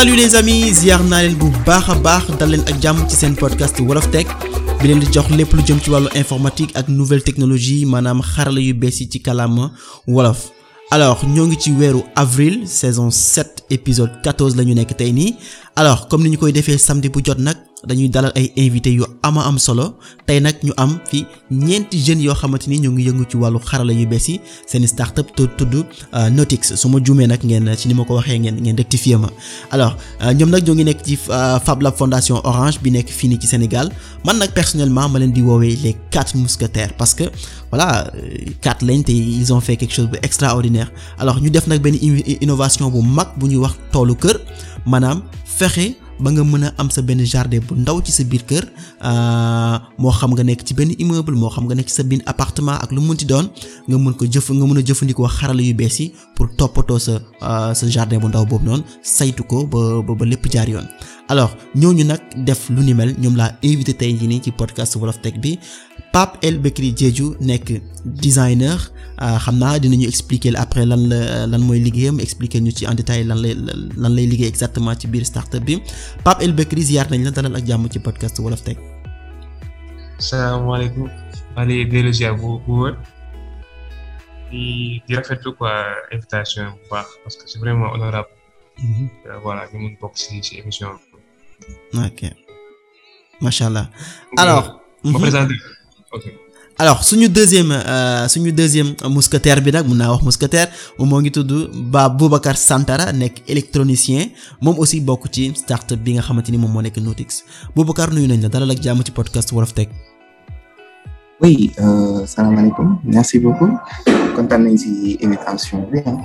salut les amis ziar naa leen bu baax a baax dal leen ak jàmm ci seen podcast wolof tech bi leen di jox lépp lu jëm ci wàllu informatique ak nouvelle technologie maanaam xarala yu bees yi ci kàllaama wolof. alors ñoo ngi ci weeru avril saison 7 épisode 14 la ñu nekk tey nii alors comme ni ñu koy defee samedi bu jot nag. dañuy dalal ay invité yu ama am solo tey nag ñu am fi ñeenti jeunes yoo xamante ni ñoo ngi yëngu ci wàllu xarala yu bees yi seen startup te tudd euh, Notix su ma jumee nag ngeen ci ni ma ko waxee ngeen ngeen rectifié ma alors euh, ñoom nag ñoo ngi nekk ci euh, Fab Lab Fondation Orange bi nekk fii nii ci Sénégal man nag personnellement ma leen di woowee les quatre mousquetaires parce que voilà quatre lañ te ils ont fait quelque chose de extraordinaire alors ñu def nag benn innovation bu mag bu ñuy wax toolu kër maanaam fexe. ba nga mën a am sa benn jardin bu ndaw ci sa biir kër euh, moo xam nga nekk ci benn immeuble moo xam nga nekk ci sa benn appartement ak lu munti doon nga mën ko jëf nga mën a jëfandikoo xarala yu bees yi pour toppatoo sa euh, sa jardin bu ndaw boobu noonu saytu ko ba ba lépp jaar yoon alors ñooñu nag def lu ni ñoom laa invité tey jii nii ci podcast Wolof Tech bi Pape El Bekri Diédhiou nekk designer ah, xam naa dinañu expliquer après lan la lan mooy liggéeyam expliquer ñu ci en détail lan lay lay liggéey exactement ci biir startup bi Pape El Bekri ziar nañ la dalal ak jàmm ci podcast Wolof Tech. salaamaaleykum maa parce que c'est mm-hmm. euh, bokk ci émission ok macha allah mhm. alors. suñu deuxième euh, suñu deuxième mousquetaire bi nag mun naa wax mousquetaire moom moo ngi tudd ba Boubacar Santara nekk électronicien moom aussi bokk ci start bi nga xamante ni moom moo nekk Nautix Boubacar nuyu nañ la dalal ak jàmm ci podcast Wolof Tech. oui euh, nañ ci invitation bi ah.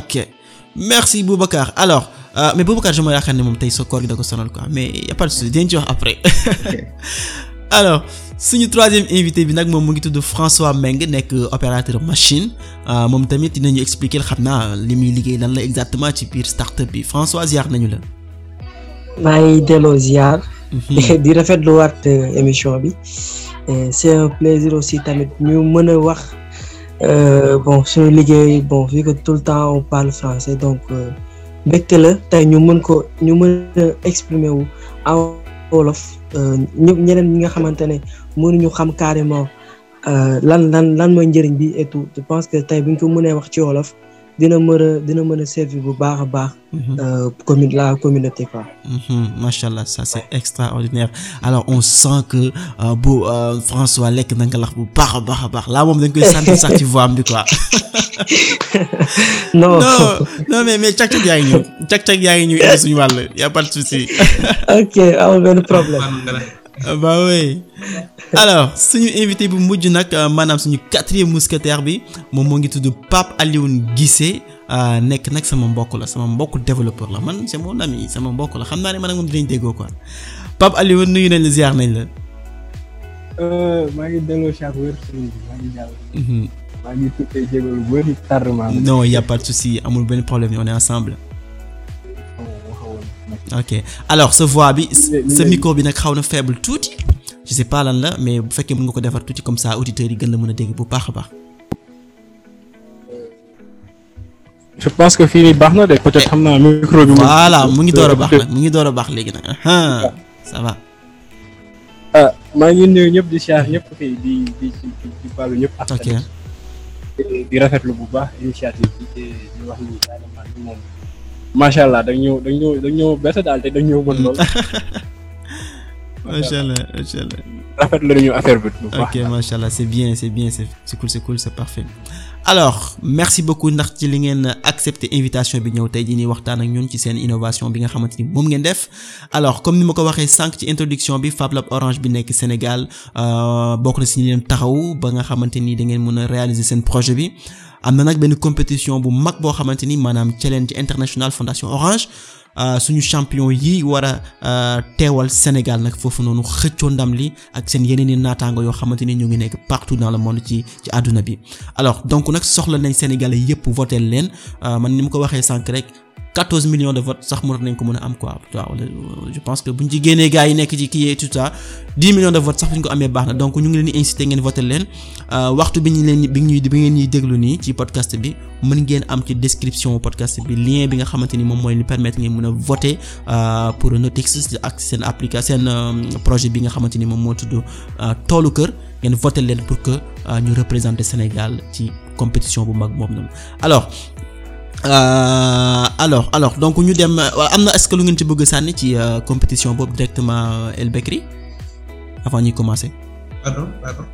ok. merci Boubacar alors euh, mais Boubacar je ma yaakaar ne moom tey sa koor gi da ko sonal quoi mais y a pas de souci dinañ suñu troisième invité bi nag moom mu ngi tudd François Meng nekk opérateur machine euh, moom tamit dinañu expliquer xam naa li muy liggéey lan la exactement ci biir startup bi François ziar nañu la. maa ngi delloo ziar. Mhm. di rafetlu waat euh, émission bi. c'est un plaisir aussi tamit ñu mën a wax. Euh, bon suñu liggéey bon vu ko tout le temps on parle français donc euh, mbégte la tey ñu mën ko ñu mën a exprimer wu en wolof euh, ñëpp ñeneen ñi nga xamante ne ñu xam carrément euh, lan lan lan mooy njëriñ bi et tout je pense que tey bi ñu ko mënee wax ci wolof. dina mën dina mën a servir bu baax a baax. Mhm. Euh, commune la communauté quoi. Mhm, macha allah ça c'est extraordinaire alors on sent que euh, bu euh, François lekk na nga lax bu baax a baax a baax laa moom dañ koy sant sax ci voix bi quoi. non non mais mais càq-càq yaa ngi ñëw càq-càq yaa ngi ñëw indi suñu ok amul benn problème. Ah bah oui alors suñu invité bu mujj nag euh, maanaam suñu quatrième mousquetaire bi moom moo ngi tudd Pape Alioune Guissé euh, nekk nag sama mbokk la sama mbokk développeur la man c'est mon ami sama mbokk la xam naa ne man ak moom dinañ déggoo quoi Pape Alioune nuyu nañ la ziar nañ la. Euh, maa ngi delloo chaque wér mhm. a pas de souci amul benn problème on est ensemble. ok alors sa voix bi sa micro bi nag xaw na faible tuuti je sais la mais bu fekkee mën nga ko defar tuuti comme sa auditeur yi gën la mën a dégg bu baax a baax. que fii baax na de peut-être xam naa micro bi. voilà ngi door a baax mu ngi door baax léegi nag ah, ça ah, ngi ñëpp di siyaar ñëpp fii di ñëpp. ak di bu baax initiative macha allah da ñëw da ñëw da ñëw daal da ñëw mën lool. macha allah macha allah. rafetlu nañu affaire bi. ok macha allah c'est bien c'est bien c'est c'est cool c'est merci beaucoup ndax ci li ngeen accepté invitation bi ñëw tey jii nii waxtaan ak ñun ci seen innovation bi nga xamante ni moom ngeen def alors comme ni ma ko waxee sànq ci introduction bi Fab Lab Orange bi nekk Sénégal euh, bokk na si ñu leen taxaw ba nga xamante ni da ngeen mën a réaliser seen projet bi. am na nag benn compétition bu mag boo xamante ni maanaam challenge international fondation Orange euh, suñu champion yi war a euh, teewal Sénégal nag foofu noonu xëccoo ndam li ak seen yeneen i naataango yoo xamante ni ñoo ngi nekk partout dans le monde ci ci àdduna bi alors donc nag soxla nañ Sénégalais yëpp voté leen euh, man ni mu ko waxee sànq rek. 14 millions de votes sax mënoon nañ ko mën a am quoi waaw euh, je pense que buñ ci génnee gars yi nekk ci kii tout ça 10 millions de votes sax bu ñu ko amee baax na donc ñu ngi leen di ngeen voter leen euh, waxtu bi ñu leen bi ñuy bi déglu nii ci podcast bi mën ngeen am ci description podcast bi lien bi nga xamante ni moom mooy li permettre ngeen mën a voter euh, pour Notix ak seen application seen projet bi nga xamante ni moom moo tudd toolu kër ngeen voter leen pour que ñu représenter Sénégal ci compétition bu mag moom noonu alors. Euh, alors alors donc ñu dem euh, am na est-ce que lu ngeen ci bëgg sànni ci euh, compétition boobu directement El Bekri avant ñuy commencer. pardon pardon.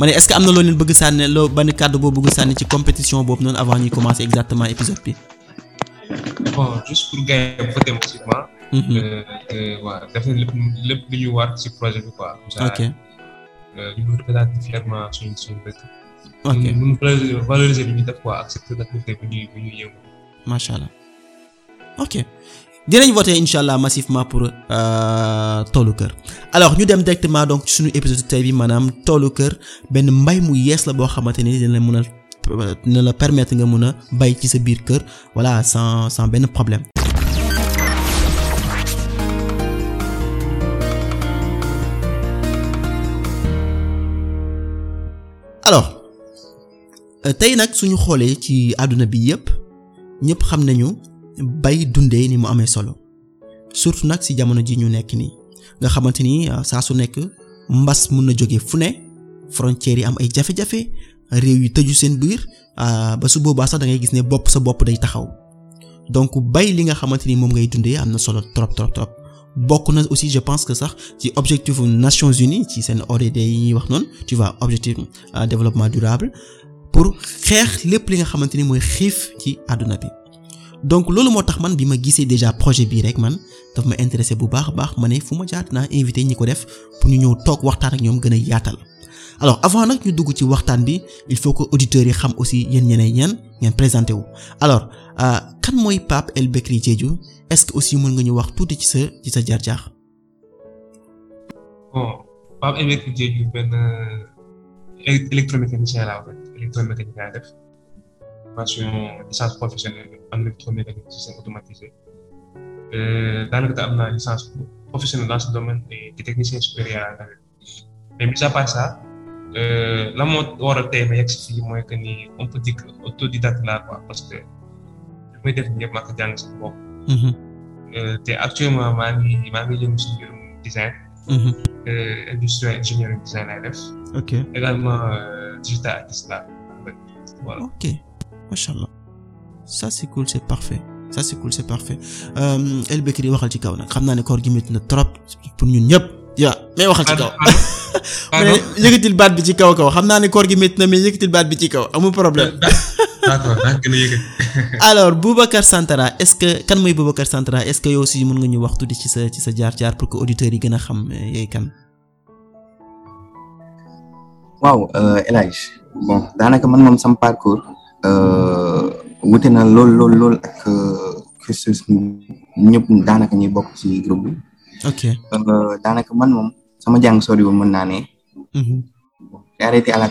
am na loo leen bëgg sànni loo ban kàddu boo bëgg sànni ci compétition boobu noonu avant ñuy commencer exactement épisode bi. bon juste pour gagner voté mhm. projet bi ok mun valoriser valoriser macha allah ok dinañ voter incha allah massivement pour euh, toolu kër alors ñu dem directement donc suñu épisode tey bi maanaam toolu kër benn mbay mu yees la boo xamante ni dina mën a dina la permettre nga mën a bay ci sa biir kër voilà sans sans benn problème. alors. Euh, tey nag suñu xoolee ci àdduna bi yépp ñépp xam nañu bay dundee ni mu amee solo surtout nag ci jamono ji ñu nekk nii nga xamante ni euh, saa su nekk mbas mun na jóge fu ne frontières yi am ay jafe-jafe réew yi tëju seen biir euh, ba su boobaa sax da ngay gis ne bopp sa bopp day taxaw donc bay li nga xamante ni moom ngay dundee am na solo trop trop trop bokk na aussi je pense que sax ci objectif Nations Unies ci seen ODD yi ñuy wax noonu tu vois objectif développement durable pour xeex lépp li nga xamante ni mooy xiif ci àdduna bi donc loolu moo tax man bi ma gisee déjà projet bii rek man daf ma intéressé bu baax a baax ma ne fu ma jaat naa invité ñi ko def pour ñu ñëw toog waxtaan ak ñoom gën a yaatal alors avant nag ñu dugg ci waxtaan bi il faut que auditeurs yi xam aussi yéen ñeneen ñeen ngeen présenté wu alors euh, kan mooy Pape El Bekri Diédhiou est-ce que aussi mën nga ñu wax tuuti ci sa ci sa jaar-jaar électromécanicien laa wax électromécanicien laa def formation licence professionnelle en électromécanique système automatisé daanaka te am naa licence professionnelle dans ce domaine et technicien supérieur laa tamit mais mis à part ça la moo war a tey ma yegg si fii que ni on peut dire que autodidacte laa parce que li may def ñëpp maa ko jàng sama bopp. te actuellement maa ngi maa ngi jëm si mbirum design. Mhm. Euh, industrial engineering design euh, macha allah ça c'est cool c'est parfait. ça c'est cool c'est parfait euh, El waxal ci kaw nag xam naa ne koor gi na trop pour ñun ñëpp. yaa mais waxal ci kaw. Ah, mais yëkkatil baat bi ci kaw kaw xam naa ne koor gi métti na mais yëkkatil baat bi ci kaw amul problème. d'accord alors Boubacar Santara est-ce que kan mooy Boubacar Santara est-ce que yow aussi mën nga ñu wax tuuti ci sa ci sa jaar jaar pour que auditeurs yi gën a xam euh, yooyu kan. waaw euh, El Hadj bon daanaka man moom sama parcours euh, wute na lool lool lool ak cursus ñëpp daanaka ñuy bokk ci groupe bi. ok sama jàng soriwul mën naa ne. j'ai mhm. arrêté à la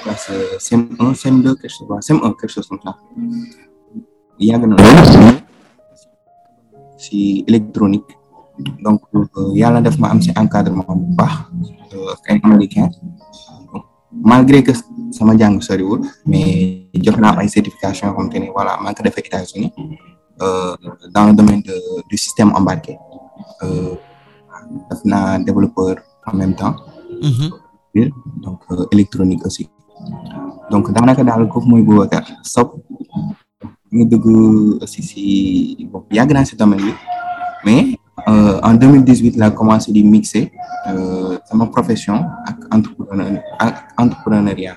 si électronique donc euh, yàlla def ma am si encadrement bu baax ak euh, ay américain malgré que sama jàng soriwul mais jot naa am ay certification yoo xamante ne voilà maa ngi ko defee états euh, dans le domaine de système embarqué def naa développeur. en même temps. Mm-hmm. donc euh, électronique aussi. donc daanaka daal kooku mooy Boubacar Sow ñu dugg aussi si bon yàgg naa si domaine bi mais euh, en mille 2018 la commencé di mixer euh, sama profession ak entrepreneur ak entrepreneuriat.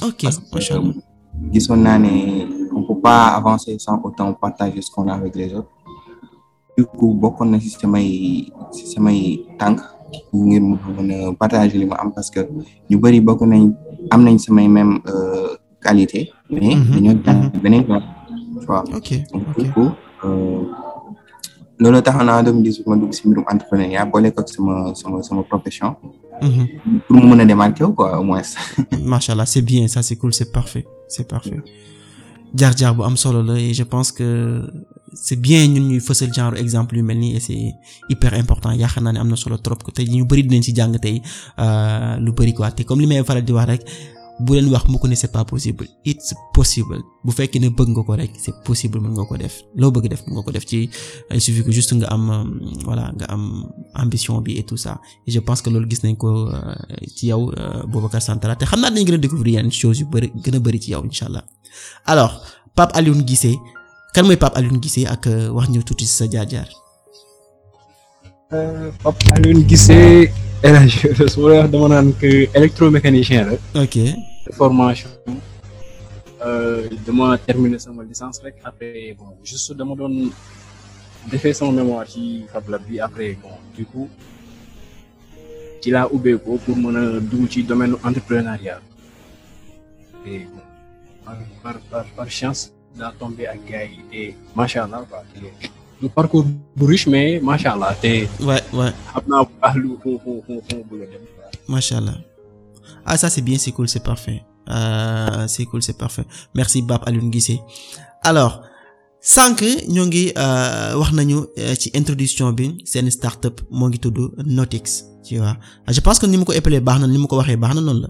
ok macha allah gisoon naa ne on peut pas avancer sans autant partager ce qu'on a avec les autres. du coup bokkoon na si samay samay tànk. ngir mu mën a li am parce que ñu bëri bokk nañ am nañ samay même euh, qualité. mais mhm. dañoo mhm. ok ok euh, loolu taxoon naa 2018 ma dugg si mbirum sama profession. Mhm. pour mu mën a démarquer quoi au moins. allah c'est bien ça c'est cool c'est parfait c'est parfait bu am solo la je pense que. c'est bien ñun ñuy fësal genre exemple yu mel nii et c'est hyper important yaakaar naa ne am na solo trop te ñu bëri dinañ ci jàng tey euh, lu bëri quoi te comme li may faral di wax rek bu leen wax mu ko ne c'est pas possible it's possible bu fekkee ne bëgg nga ko rek c'est possible mën nga ko def loo bëgg def mën nga ko def ci juste nga am euh, voilà nga am ambition bi et tout ça et je pense que loolu gis nañ ko euh, ci yow Boubacar Santara te xam naa dañu gën a découvrir yu bëri gën a bëri ci yow incha allah kan mooy Pape Alioune Guissé ak euh, wax ñu tuuti sa jaar-jaar. Euh, Pape Alioune Guissé su ma dama naan que électromécanicien la. ok de formation. Euh, dama termine sama licence rek après juste dama doon defee sama mémoire ci Fab Lab bi après bon du coup ci laa ubbeekoo pour mën a dugg ci domaine entrepreneuriat par par par chance. daa tombé ak gars allah quoi te parcours mais macha allah te. waay waay allah ah ça c'est bien c'est cool c'est parfait euh, c'est cool c'est parfait merci Pape Alioune Guissé alors. sànq ñoo ngi euh, wax nañu euh, ci introduction bi seen startup moo ngi tudd Notix tu vois je pense que ni mu ko épelé baax na ni mu ko waxee baax na noonu la.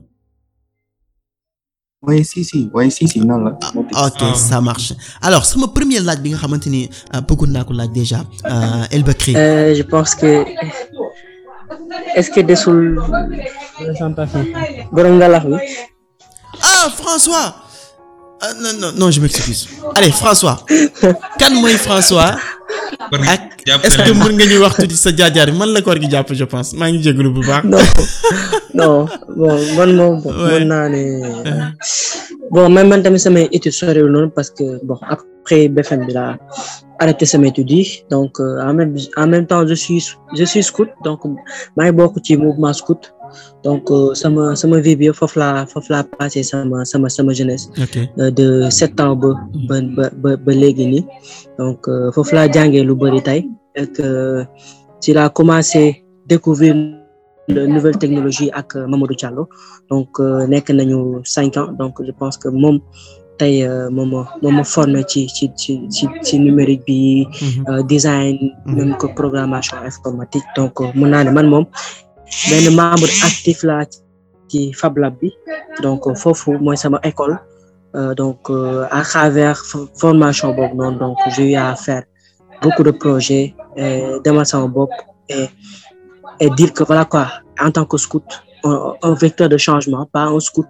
oui si ah, ok ah. ça marche alors sama premier laaj bi nga xamante ni euh, bëggoon naa ko laaj déjà euh, El Bakri. Euh, je pense que est-ce que desul. présentation. borom ngalax bi. ah François. ah non non je m'excuse. allez François. kan mooy François. ak est-ce que mën nga ñuy wax tuuti sa jaajaar jaar bi man la koor gi jàpp je pense maa ngi jégalu bu baax. non non man moom. mën naa ne bon man man tamit samay études soriwul noonu parce que bon après BFM bi laa arrêté sama donc euh, en même en même temps je suis je suis scout donc maa ngi bokk ci mouvement scout. donc sama euh, sama vie bi yëpp foofu laa foofu laa sama sama sama jeunesse. Euh, de sept ans ba ba ba ba léegi nii donc euh, foofu laa jàngee lu bëri tey ak ci laa commencé découvrir nouvelle technologie ak Mamadou Diallo donc nekk nañu cinq ans donc je pense que moom. tey moom moom ci ci ci ci ci numérique bi. Mhm. design mhm. même que programmation informatique donc mun man moom benn membre actif la ci Fab bi donc foofu mooy sama école euh, donc euh, à travers formation boobu noonu donc j'ai à faire beaucoup de projets demal sama bopp et et dire que voilà quoi en tant que scout un, vecteur de changement pas un scout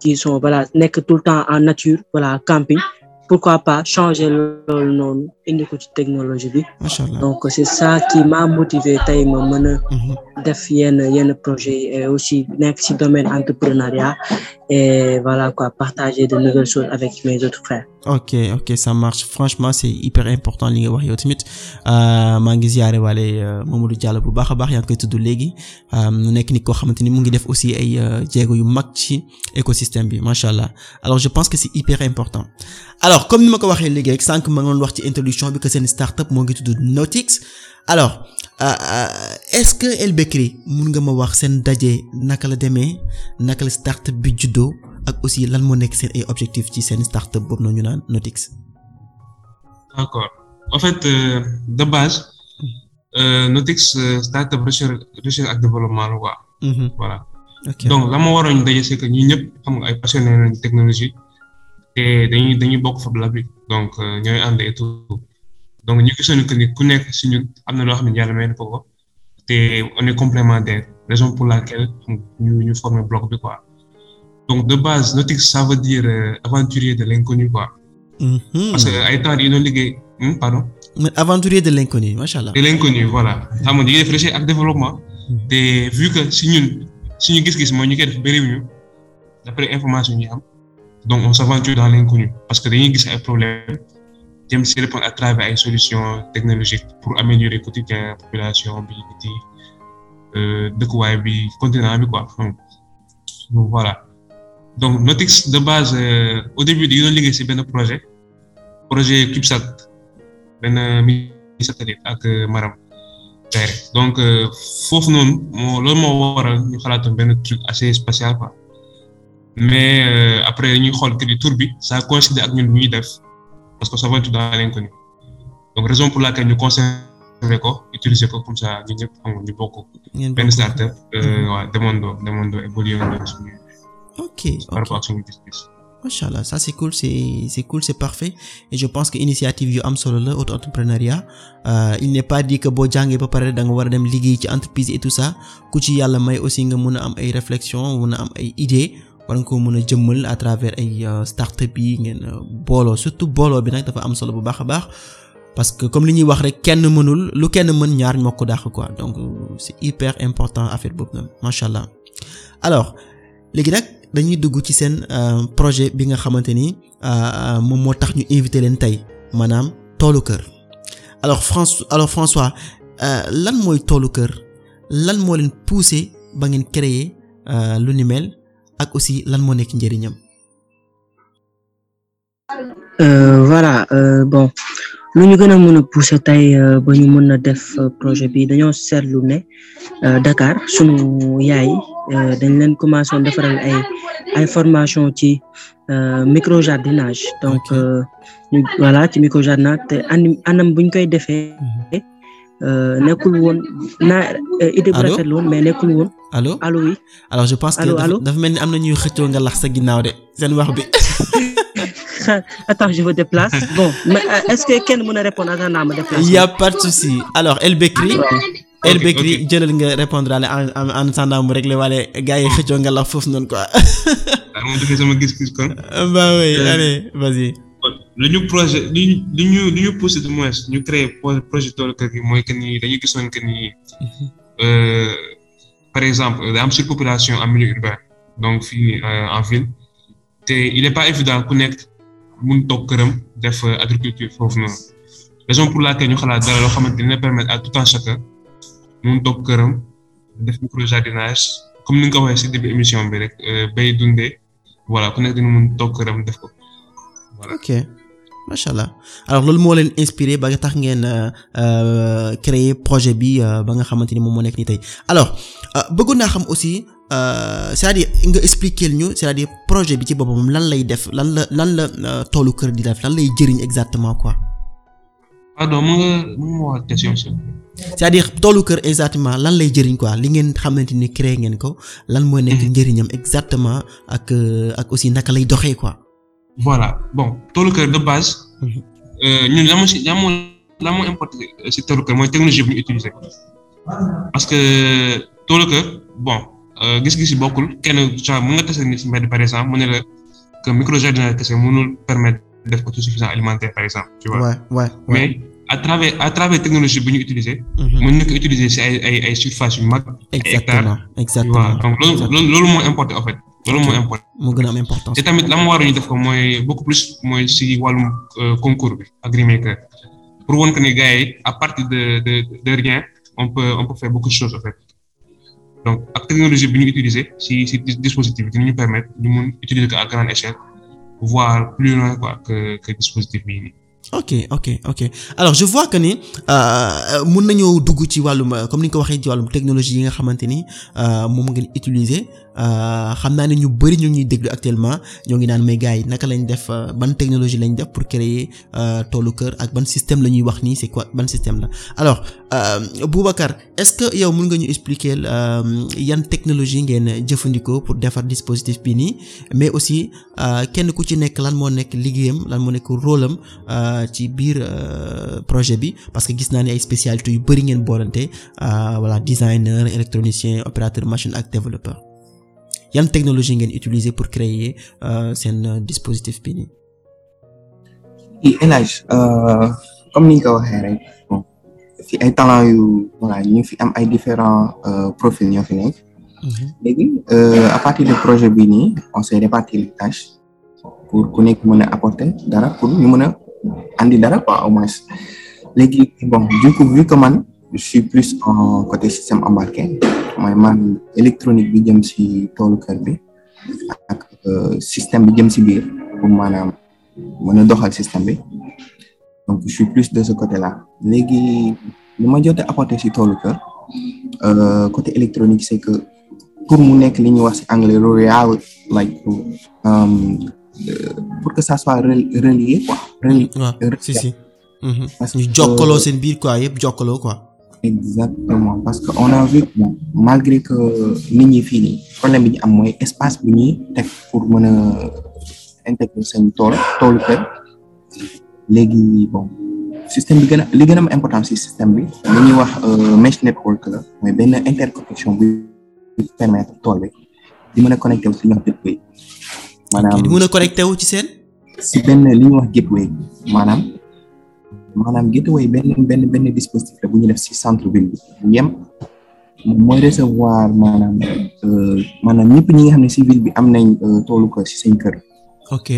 qui sont voilà nekk tout le temps en nature voilà camping pourquoi pas changer loolu noonu indi ko ci technologie bi. macha allah donc c' m'a motivé mhm. def yenn yenn projet et aussi nekk ci domaine entrepreneuriat et voilà quoi partager de nouvelles choses avec mes autres ok ok ça marche franchement c' est hyper li nga wax yow tamit euh, maa ngi ziare waale euh, Mamadou Diallo bu baax a baax yaa ngi tudd léegi euh, nekk ni koo xamante ni mu ngi def aussi ay jéego yu mag ci écosystème bi macha allah alors je pense que c' est hyper important alors comme ni ma ko waxee léegi rek sànq ma ngi wax ci introduction. émission bi que seen startup moo ngi tudd Nautix alors euh, euh, est-ce que El mun nga ma wax seen daje naka la demee naka la startup bi juddoo ak aussi lan moo nekk seen ay objectif ci seen startup boobu noonu ñu naan Nautix. d'accord en fait euh, de base euh, Nautix euh, startup recherche ak développement la quoi. Mm-hmm. donc la ma waroon daje c'est que ñun xam nga ay passionnés lañ te dañuy dañuy bokk Fab Lab bi donc euh, ñooy ànd et tout donc ñu ku nekk si ñun loo xam ne yàlla may na ko ko te on est complémentaire raison pour de base nautique ça veut dire euh, aventurier de l'inconnu quoi. Mm-hmm. parce que ay temps yi doon liggéey hmm, pardon. mais aventurier de l'inconnu macha de l'inconnu voilà xam ah, mm-hmm. nga ñu ngi def gis-gis mooy ñu koy def bëriwuñu d'après information yi am. donc on s'aventure dans l'inconnu parce que dañuy gis ay problèmes jëm si répondre à travers ay solutions technologiques pour améliorer quotidien population bi di euh, dëkkuwaay bi continent bi quoi voilà donc Notix de base euh, au début dañu doon liggéey si benn projet projet CubeSat benn mini satellite ak euh, Maram donc foofu noonu moo loolu moo waral ñu xalaatoon benn truc assez spatial quoi. mais euh, après ñuy xool que ni tour bi ça coïncide ak ñun ñuy def parce que ça va être dans l'inconnu donc raison pour laquelle ñu conserver ko utiliser ko comme ça ñun ñëpp xam nga ñu bokk. ngeen benn startup. Euh, mhm. waaw demandoo demandoo évoluer suñu. ok ok par rapport ak suñu gis-gis. macha allah ça c'est cool c'est c'est parfait je pense que initiative yu am solo la auto entrepreneuriat euh, il n'est pas dit boo jàngee ba pare da war a dem liggéey ci entreprise et tout ça ku ci yàlla may aussi nga mun a am ay réflexions mun am ay idées. war nga ko mën a jëmmal à travers ay euh, startup yi ngeen euh, booloo surtout booloo bi nag dafa am solo bu baax a baax parce que comme li ñuy wax rek kenn mënul lu kenn mën ñaar ñoo ko dàq quoi donc euh, c'est hyper important affaire boobu nag macha allah alors léegi rek dañuy dugg ci seen projet bi nga xamante ni moom moo tax ñu invité leen tey maanaam toolu kër alors France alors François lan mooy toolu kër lan moo leen poussé ba ngeen créer lu ni mel ak aussi lan moo nekk njëriñam. Euh, voilà euh, bon lu ñu gën a mën a pousser tey euh, ba mën a def euh, projet bi dañoo seetlu ne Dakar sunu yaay dañ leen commencé defaral ay ay formation ci microjardinage donc ñu voilà ci microjardinage te anam buñ koy defee. Mhm. Euh, nekkul woon naa idée bu rafet la woon mais nekkul woon. allo allo oui. alors je pense que dafa dafa mel ni am na ñuy xëccoo nga lax sa ginnaaw de seen wax bi. attends je me déplace bon mais euh, est-ce que kenn mën a répondre attends naa ma déplace. y a pas de souci alors El Bekri. Ah, El Bekri jëlal nga répondre ale en en en attendant mu réglé wala gars yi xëccoo nga lax foofu noonu quoi. ah ma joxe sama gis-gis kon. bah oui euh. allez vas-y. lu ñu projet li ñu li ñu li ñu poussé projet toolu kër gi mooy que ni dañuy gis noonu que ni mhm. euh, par exemple da euh, am surpopulation en milieu urbain donc fii euh, en ville te il est pas évident ku nekk mun toog këram def agriculture foofu noonu raison pour laquelle ñu xalaat dara loo xamante dina permettre à tout un chacun mun toog këram def mu projet jardinage comme ni nga ko waxee si début émission bi rek bay dundee voilà ku nekk dina mun toog këram def ko macha allah alors loolu moo leen inspiré ba nga tax ngeen euh, euh, créer projet bi euh, ba nga xamante ni moom moo nekk nii tey alors bëggoon naa xam aussi cest à ñu cest à projet bi ci boppam lan lay def lan la lan la toolu kër di lay jëriñ exactement quoi. pardon mën nga kër exactement lan lay jëriñ quoi li ngeen xamante ni créé ngeen ko lan mooy nekk mm-hmm. njëriñam exactement ak ak aussi naka lay doxee quoi. voilà bon toolu kër de base. Mhm. Euh, ñun la moo si la moo la importé si toolu kër mooy technologie bu ñu utiliser parce que toolu kër bon euh, gis-gis yi bokkul kenn genre mën nga tase ni si mbedd par exemple mu ne la que micro jardinage kese mënul permettre def autosuffisance alimentaire par exemple. tu vois mais à travers à travers technologie bu ñu utiliser. mën mhm. na ko utiliser si ay ay ay surface yu mag. ay hectares exactement exactement donc loolu loolu moo importé o fait. loolu moo important moo gën a am importance. tamit la mu waroon ñu def ko mooy beaucoup plus mooy si wàllum euh, concours bi agrimaker pour won que ni gars à partir de de de rien on peut on peut beaucoup de choses fait donc ak technologie bi ñu utiliser si si dispositif bi ñu permettre ñu mun utiliser ko à grande échelle voir plus loin quoi que que dispositif bii nii. ok ok ok alors je vois que ni euh, mun nañoo dugg ci wàllum comme ni nga ko waxee ci wàllum technologie yi nga xamante ni euh, moom ngeen utiliser. Euh, xam naa ne ñu bari ñu ngi déglu actuellement ñoo ngi naan mais gars yi naka lañ def euh, ban technologie lañ def pour créer euh, toolu kër ak ban système la ñuy wax nii c'est quoi ban système la alors Boubacar est-ce que yow mën nga ñu expliquer yan technologie ngeen jëfandikoo pour defar dispositif bi nii mais aussi kenn ku ci nekk lan moo nekk liggéeyam lan moo nekk rôle am ci biir projet bi parce que gis naa ne ay spécialités yu bari ngeen boolante voilà designer électronicien opérateur machine ak développeur yan technologie ngeen utiliser pour créer euh, seen euh, dispositif bi nii. fii Elage euh, comme ni nga ko waxee rek fi ay talent yu voilà ñu fi am ay différents profils ñoo fi nekk. Mhm. léegi à partir de projet bii nii on s'est réparti les tâches pour ku nekk mën a apporter dara pour ñu mën a andi dara quoi au moins léegi bon du coup vu que man je en côté système embarqué. mooy maanaam électronique bi jëm si toolu kër bi ak euh, système bi jëm si biir pour maanaam mën a doxal système bi donc je suis plus de ce côté la léegi li ma jot a apporté si toolu kër euh, côté électronique c'est que pour mu nekk li ñuy wax si anglais rural like um, euh, pour que ça soit relié quoi. si si. Mm-hmm. parce seen biir quoi yëpp jokkaloo quoi. exactement parce que on a vu bon malgré que nit ñi fii ni problème bi ñu am mooy espace bu ñuy teg pour mën a intégrer seen tool toolu kër léegi bon système bi gën a li gën a important si système bi li ñuy wax euh, mesh network la mooy benn interconnexion bu permettre tool bi di mën a connecté wu si ñoom gateway maanaam di mën a ci seen si benn li ñuy wax gateway maanaam maanaam Gateway benn benn benn dispositif la bu ñu def si centre ville bi yem mooy recevoir maanaam euh, maanaam ñëpp ñi nga xam ne si ville bi am nañ euh, toolu ko si seen kër. ok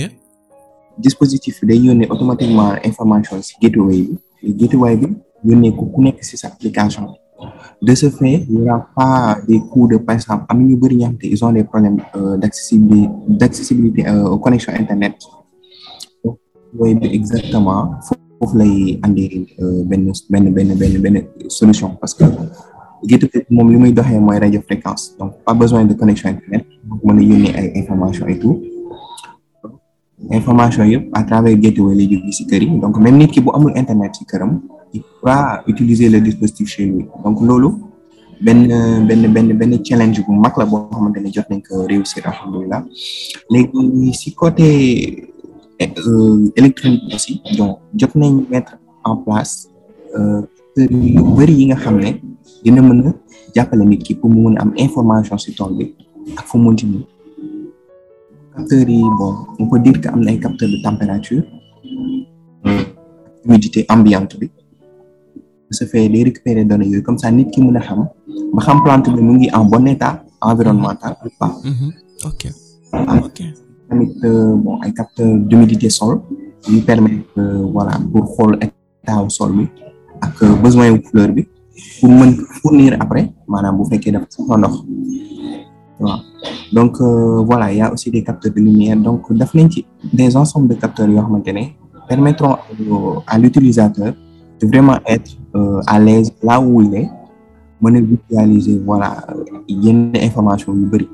dispositif bi day yónnee automatiquement information si Gateway bi Gateway bi yónnee ku nekk si sa application. de ce fait il y aura pas des de par exemple am ñu bëri ñoo xam te ils ont des problèmes euh, d'accessibilité d'accessibilité internet. donc bi exactement. foofu lay andi euh, benn benn benn benn benn solution parce que GTP moom li may doxee mooy radio fréquence donc pas besoin de connexion internet donc mën a yónnee information et tout information yëpp à travers gateway lay jógee si kër yi donc même nit ki bu amul internet ci këram il pourra utiliser le dispositif chez lui donc loolu benn benn benn benn challenge gu mag la boo xamante ne jot nañ ko réussir alhamdulilah léegi ci côté Euh, électronique aussi donc jot nañ mettre en place euh, acteurs yu bëri yi nga xam ne dina mën a jàppale nit ki pour mu mën am information si tool bi ak fu mu munti nii capteurs yi bon on peut dire que am na ay capteurs de température humidité ambiante bi su fekkee day yooyu comme ça nit ki mun a xam ba xam plante bi mu ngi en bon état environnemental ou tamit euh, bon ay capteurs d'humidité sol ñu permettre euh, voilà pour xool ak wu sol bi ak euh, besoin wu fleur bi pour mën fournir après maanaam bu fekkee dafa soxla ndox waaw donc euh, voilà il aussi des capteurs de lumière donc def nañ ci des ensembles de capteurs yoo xamante ne permettront à l'utilisateur de vraiment être à l'aise là où il est mën a voilà yenn information yu bëri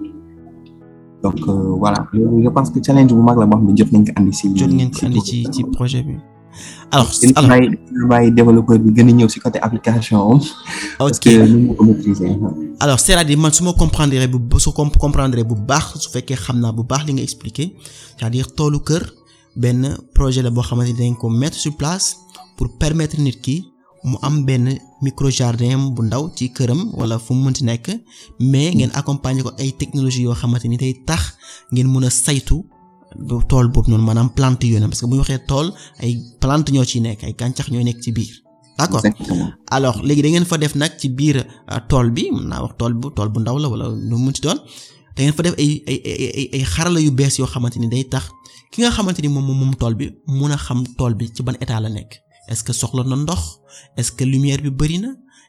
donc euh, voilà loolu je pense bu mag la boo xam ne jot nañ ko andi si. jot ci projet bi. alors alors bàyyi bàyyi si côté application am. parce que ñu ko c'est-à-dire man su ma comprendre bu su comprendre bu baax su fekkee xam naa bu baax li nga expliqué c'est-à-dire toolu kër benn projet la boo xamante ni dañ ko mettre sur place pour permettre nit ki. mu am benn micro jardin bu ndaw ci këram wala fu mu mun mënti nekk mais ngeen accompagner ko ay technologie yoo xamante ni day tax ngeen mun a saytu tool boobu noonu maanaam plant yoonam parce que bu ñu waxee tool ay plante ñoo ci nekk ay gàncax ñooy nekk ci biir. d'accord alors léegi da ngeen fa def nag ci biir euh, tool bi mën naa wax tool bu tool bu ndaw la wala nu mu mënti doon da ngeen fa def ay ay ay ay xarala yu bees yoo xamante ni day tax ki nga xamante ni moom moom tool bi mun a xam tool bi ci ban état la nekk. est-ce que soxla na ndox est-ce que lumière bi bëri na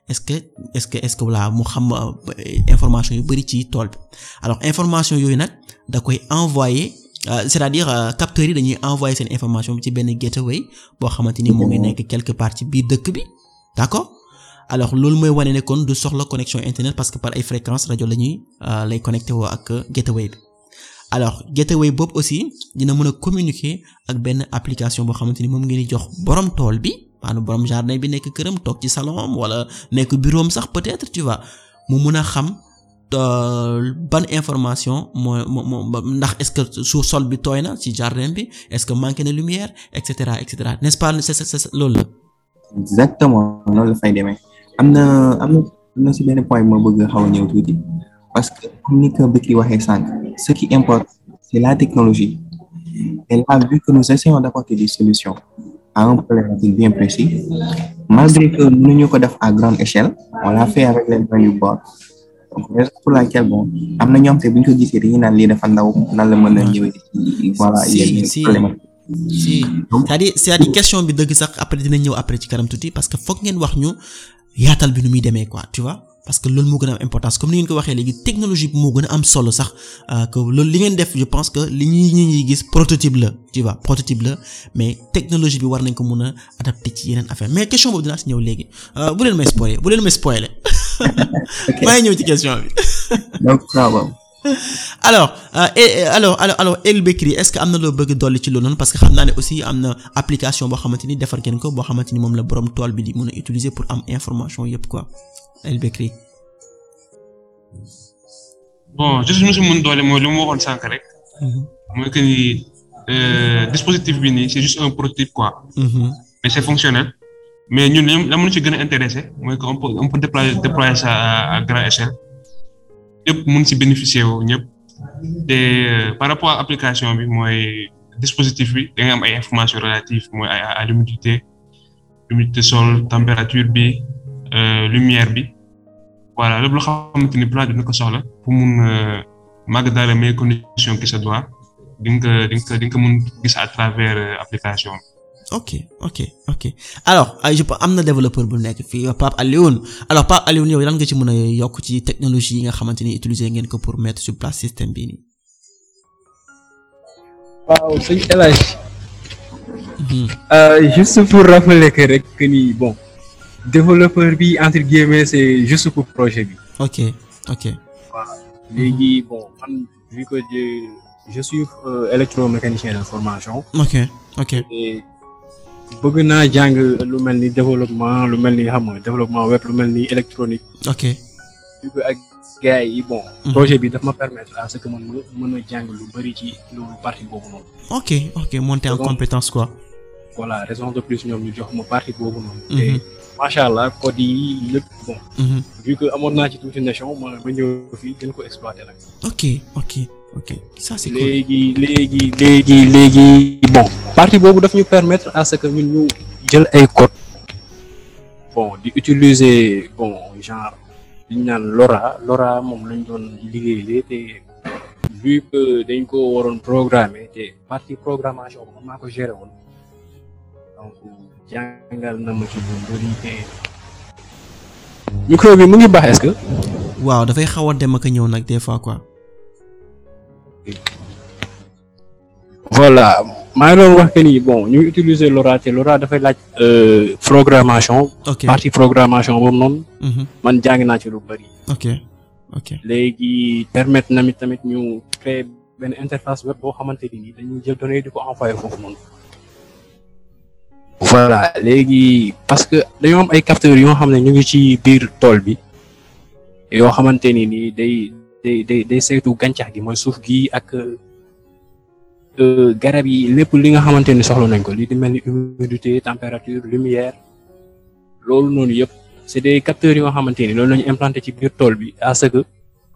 est-ce que est que est-ce que voilà mu xam euh, information yu bëri ci tool bi alors information yooyu nag da koy envoyer euh, c'est-à-dire euh, capteurs yi dañuy envoyer seen information bi ci benn gateway boo xamante ni moo ngi nekk quelque part bii biir dëkk bi d'accord alors loolu mooy wane ne kon du soxla connexion internet parce que par ay fréquences rajo la ñuy lay connecté woo ak gateway bi. alors Getaway boobu aussi dina mën a communiquer ak benn application boo xamante ni moom ngeen di jox borom tool bi maanaam borom jardin bi nekk këram toog ci salon wala nekk bureau sax peut-être tu mu mun a xam euh, ban information moo moo ndax est-ce que su sol bi tooy na ci jardin bi est-ce que manqué na lumière et cetera et cetera n'est-ce pas c'est am na am na si benn point moo bëgg xaw a ñëw tuuti. Parce que, comme Nika Bekri ce qui importe, c'est la technologie. Et là, vu que nous essayons d'apporter des solutions à un problème bien précis, malgré que nous nous fait à grande échelle, on l'a fait avec les du buñ ko gisé dañu nan li dafa ndaw nan la mëna ñëwé voilà yenn problème si c'est-à-dire c'est-à-dire question bi deug sax après dina ñëw après ci kanam tuti parce que fokk ngeen wax ñu yaatal bi nu muy démé quoi tu vois parce que loolu moo gën a am importance comme ni ngeen ko waxee léegi technologie bi moo gën a am solo sax euh, loolu li ngeen def je pense que li ñuy ñi ñuy gis prototype la tu vois mais technologie bi war nañ ko mun a adapté ci yeneen affaire mais question boobu dinaa si ñëw léegi euh, bu leen may spoiler bu leen may spoiler maa ñëw ci question bi no alors euh, alors alors alors El Bekri est-ce que am na loo bëgg dolli ci loolu noonu parce que xam naa ne aussi am na application boo xamante ni defar ngeen ko boo xamante ni moom la borom tool bi di mën a utiliser pour am information yépp quoi El Bekri. bon juste lu si mën doole mooy lu mu waxoon sànq rek. Mm-hmm. mooy que ni euh, dispositif bi nii c'est juste un prototype quoi. Mm-hmm. mais c'est fonctionnel. mais ñun la mënu ci gën a intéressé mooy que on peut on peut déployer déployer ñëpp mun si bénéficier woo ñëpp te euh, par rapport à application bi mooy dispositif bi da am ay informations relatives mooy à l'humidité humidité sol température bi euh, lumière bi voilà lépp loo xamante ni plat dina ko soxla pour mun euh, màgg dans les meilleures conditions qui doit di nga ko di nga ko mun gis à travers application ok ok ok alors ay je am na développeur bu nekk fii Pape Alioune alors Pape Alioune yow lan nga ci mën a yokk ci technologie yi nga xamante ni utiliser ngeen ko pour mettre sur place système bii nii. waaw sëñ mhm. euh, rek que développeur bi entre guillemets c'est juste pour projet bi. ok ok. waaw léegi bon je suis euh, électromécanicien de formation. ok bëgg naa jàng lu mel ni développement lu mel ni xam développement web lu mel ni électronique. ok ak gars yi bon. Mhm. projet bi daf ma permettre à ce que man mën a jàng lu bëri ci loolu parti boobu noonu. ok ok monter en compétence quoi. voilà raison de plus ñoom ñu jox ma parti boobu noonu. Mhm. te macha allah code yi lépp bon. Mhm. vu que amoon naa ci tuuti nation ma ma ñëw fii gën ko exploiter la ok. ok ça c'est cool léegi léegi léegi léegi bon partie boobu daf ñu permettre à ce que ñun ñu jël ay code bon di utiliser bon genre liñ naan LoRa LoRa moom lañ doon liggéeyee te vu dañ ko waroon programmer te partie programmation bi maa ko géré donc jàngal na ma ci lu bëri te micro bi mu ngi baax est waaw dafay xaw a dem ak ñëw nag des fois quoi. voilà maa ngi doon wax que ni bon ñu utiliser LoRa te LoRa dafay laaj. Euh, programmation. ok partie programmation boobu noonu. Mhm. man jàng naa ci lu bari. ok ok léegi permettre na mi tamit ñu créer benn interface web boo xamante ni nii dañuy jël données di ko envoyer foofu noonu. voilà léegi parce que dañoo am ay capteurs yoo xam ne ñu ngi ci biir tool bi yoo xamante ni nii day day day saytu gàncax gi mooy suuf gi ak euh, euh, garab yi lépp li nga xamante ni soxla nañ ko li di mel ni humidité température lumière loolu noonu yëpp c'est des capteurs yoo xamante ni loolu la ñu implanté ci biir tool bi à ce que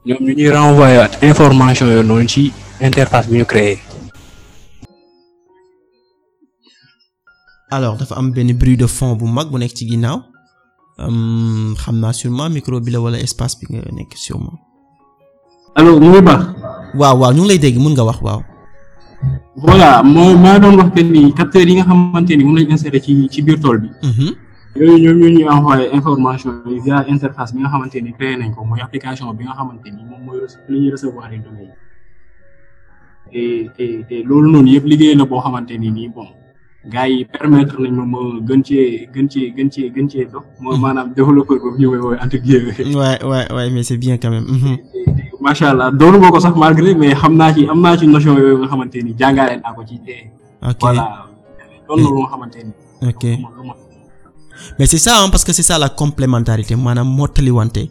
ñoom ñu ñuy renvoyé at information yooyu noonu ci interface bi ñu créé. alors dafa am benn bruit de fond bu mag bu nekk ci ginnaaw xam naa sûrement micro bi la wala espace bi nga nekk sûrement. allo mu ngi baax. waaw waaw ñu lay dégg mën nga wax waaw. voilà moo maa doon wax que ni yi nga xamante ni moom lañ inséré ci ci biir tool bi. Mhm. yooyu ñoo ñuy envoyé information yi via bi nga xamante ni créé nañ ko mooy application bi nga xamante ni moom mooy li ñuy recevoir les données yi. te loolu noonu yëpp liggéey la boo xamante ni nii bon gars yi permettre nañ ma ma gën cee gën ci gën cee gën ci dox. mooy mhm. maanaam développeur boobu ñu koy woowee entre waay waay waay mais c'est bien quand macha allah doonu ma ko sax malgré mais xam naa ci am naa ci notion yooyu nga xamante ni jàngale naa ko ci tey. ok mais c'est ça parce que c'est ça la complémentarité maanaam mottaliwante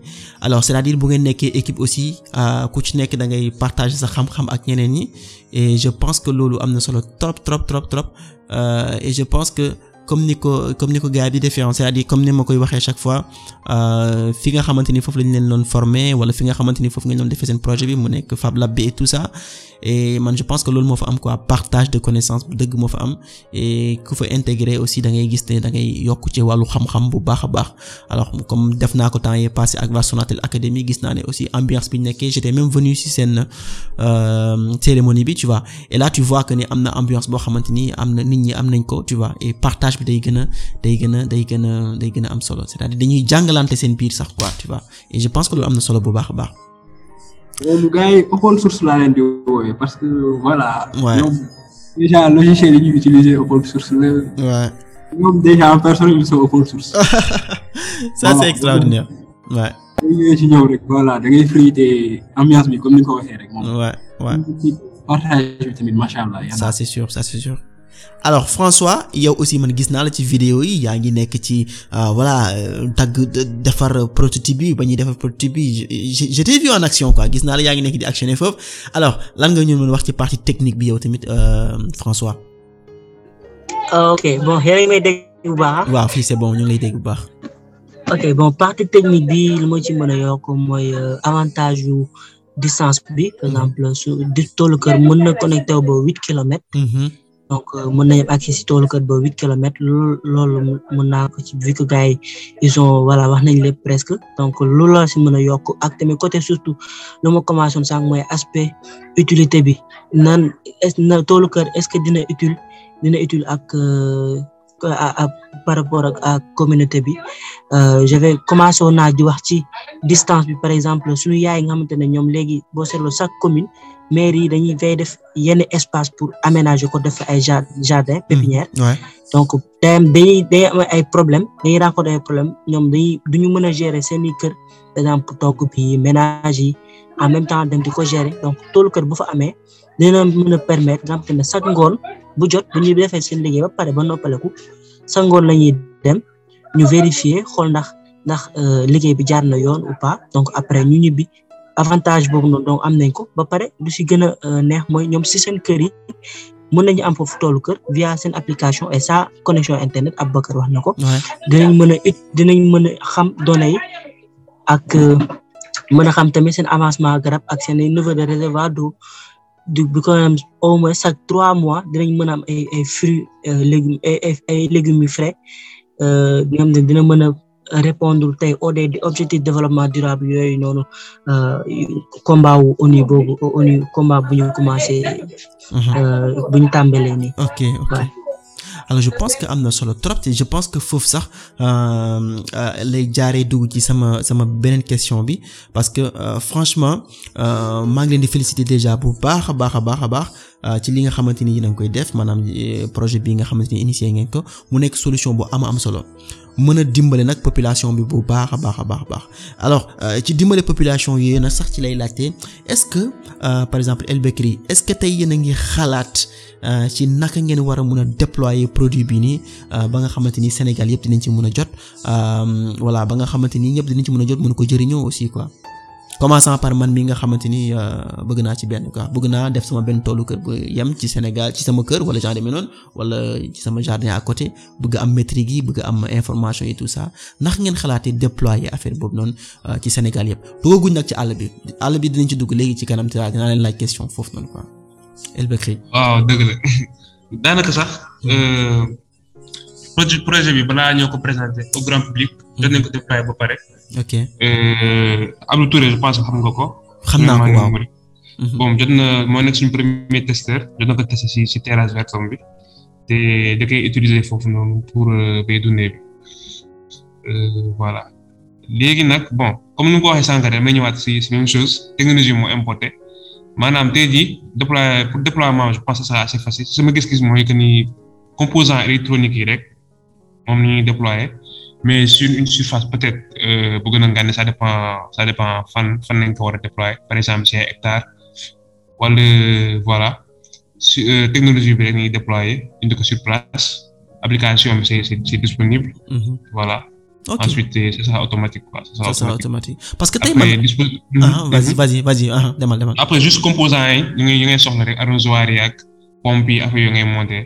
alors c'est-à-dire bu ngeen nekkee équipe aussi ah, ku ci nekk da ngay partager sa xam-xam ak ñeneen yi e je pense que loolu am na solo trop trop trop trop e je pense que. comme ni ko comme ni ko gars bi defee cest à comme ni ma koy waxee chaque fois euh, fi nga xamante ni foofu lañ leen doon former wala fi nga xamante ni foofu nga doon defee seen projet bi mu nekk Fab Lab bi et tout et man je pense que loolu moo fa am quoi partage de connaissance bu dëgg moo fa am ku fa intégré aussi da ngay gis ne da ngay yokk ci wàllu xam-xam bu baax a baax alors comme def naa ko temps yee passé ak waa Sonatel naa ne aussi ambiance bi ñu nekkee j'étais même venu si seen euh, cérémonie bi tu vois et que ne am na ambiance boo xamante ni am na nit am nañ ko tu vois et partage bi day gën a day gën a day gën a day gën a am solo c'est-à-dire dañuy jàngalante seen biir sax quoi tu je pense que loolu am na solo bu baax a baax loolu gars yi open source laa leen di woowee parce que voilà. ñoom déjà logiciel yi ñuy utiliser open source la. waaw ñoom déjà en personne ils sont open source. ça c'est extraordinaire. waaw bu ñëwee ci ñoom rek voilà da ngay frité ambiance bi comme ni nga ko waxee rek. moom waaw waaw partage bi tamit macha allah. ça c'est sûr ça c'est sûr. alors François yow aussi man gis naa la ci vidéo yi yaa ngi nekk ci euh, voilà dagg euh, defar prototype bi ba ñuy defar prototype bi je t'ai vu en action quoi gis naa la yaa ngi nekk di actionné foofu alors lan nga ñu mën wax ci parti technique bi yow tamit euh, François. Ah, ok bon yéen a may dégg bu baax. waaw fii c'est bon ñu lay dégg bu baax. ok bon partie technique bi li ma ci mën a yokk mooy avantage yu distance bi par mhm. exemple su di kër mën na connecté ba huit kilomètres. Mhm. donc euh, mën nañ am accès si toolu kër ba huit kilomètres loolu loolu mën naa ko ci vu que gars yi ils voilà wax nañ lépp presque donc loolu la si mën a yokk ak tamit côté surtout lu ma commencé woon sànq mooy aspect utilité bi nan est na toolu kër est ce que dina utile dina utile ak euh, par rapport ak ak communauté bi euh, je vais commencé woon naa di wax ci distance bi par exemple suñu yaay nga xamante ne ñoom léegi boo seetloo chaque commune. maire yi dañuy fay def yenn espace pour aménager ko def ay jardin hmm. pépinière donc day am dañuy day am ay problème dañuy rencontré ay problème ñoom dañuy duñu mën a gérer seen i kër par exemple togg bi ménage yi en même temps dem di ko gérer donc toolu kër bu fa amee dina mën a permettre nga xam ne chaque bu jot bu defee seen liggéey ba pare ba noppaleku chaque ngoon la ñuy dem ñu vérifier xool ndax ndax euh, liggéey bi jaar na yoon ou pas donc après ñu ñibbi avantage boobu noonu donc am nañ ko ba pare lu si gën a euh, neex mooy ñoom si seen kër yi mën nañu am foofu toolu kër via seen application et sa connexion internet Aboubacar wax na ko. dinañ mën a it dinañ mën a xam données ak euh, mën a xam tamit seen avancement garab ak seen niveau de réservoir d'eau du bi ko au moins chaque trois mois dinañ mën a am ay ay fruits euh, légumes ay ay légumes yu frais répondre tey au des objectifs développement durable yooyu noonu euh, combat wu ONU boobu ONU combat bu ñu commencé. Mhm. Euh, bu ñu tàmbalee ok ok. alors je pense que am na solo trop te je pense que foofu sax euh, euh, lay jaaree dugg ci sama sama beneen question bi parce que euh, franchement maa ngi leen di féliciter déjà bu baax a baax a baax a baax ci li nga xamante ni yéen a koy def maanaam projet bi nga xamante ni initié ngeen ko mu nekk solution bu am am solo mën a dimbale nag population bi bu baax a baax a baax baax alors ci dimbale population yooyu nag sax ci lay laajte est-ce que par exemple El Bekri est-ce que tey yéen xalaat. Euh, ci naka ngeen war a mun a déployer produit bi nii euh, ba nga xamante ni Sénégal yëpp dinañ ci mun a jot euh, voilà ba nga xamante nii ñëpp dinañ ci mun a jot mun ko jëriñoo aussi quoi. commençant par man mi nga xamante ni bëgg naa ci benn quoi bëgg naa def sama benn toolu kër bu yem ci Sénégal ci sama kër wala genre demee noonu wala ci sama jardin à côté bëgg am métrique yi bëgg am information yi tout ça ndax ngeen xalaatee déployer affaire boobu noonu ci Sénégal yëpp duggaguñ nag ci àll bi àll bi dinañ ci dugg léegi ci kanam te dinaa leen laaj question waaw dëgg la daanaka sax euh, projet bi balaa ñoo ko présenté au grand public. jot nañ ko déployé ba pare. ok euh, Abdou Touré je pense xam nga ko. xam naa ko waaw mhm. bon jot na moo nekk suñu premier testeur jot na ko testé si si terrasse verte bi te da koy utiliser foofu noonu pour euh, bay dundee bi léegi nag bon comme ni nga ko waxee sànq rek may ñëwaat si si chose technologie moo importé. maanaam te jii déploie pour déploiement je pense que ça sera facile sama gis-gis mooy que ni composants électroniques yi rek moom ni ñuy déployer mais sur une surface peut-être euh, bu gën a ngànne ça dépend ça dépend fan fan nañ ko war a déployer par exemple si hectare wala voilà su euh, technologie bi rek la ñuy déployer indi ko sur place application bi c'est c'est disponible. Mhm. voilà. Okay. Ensuite, ce automatique. Parce que tu Après, man... dispos... ah, mhm. vas-y, vas-y, ah, Après, juste composant, yi, ñu ngi soxla rek arrosoir yi ak pompe yi affaire ngay monter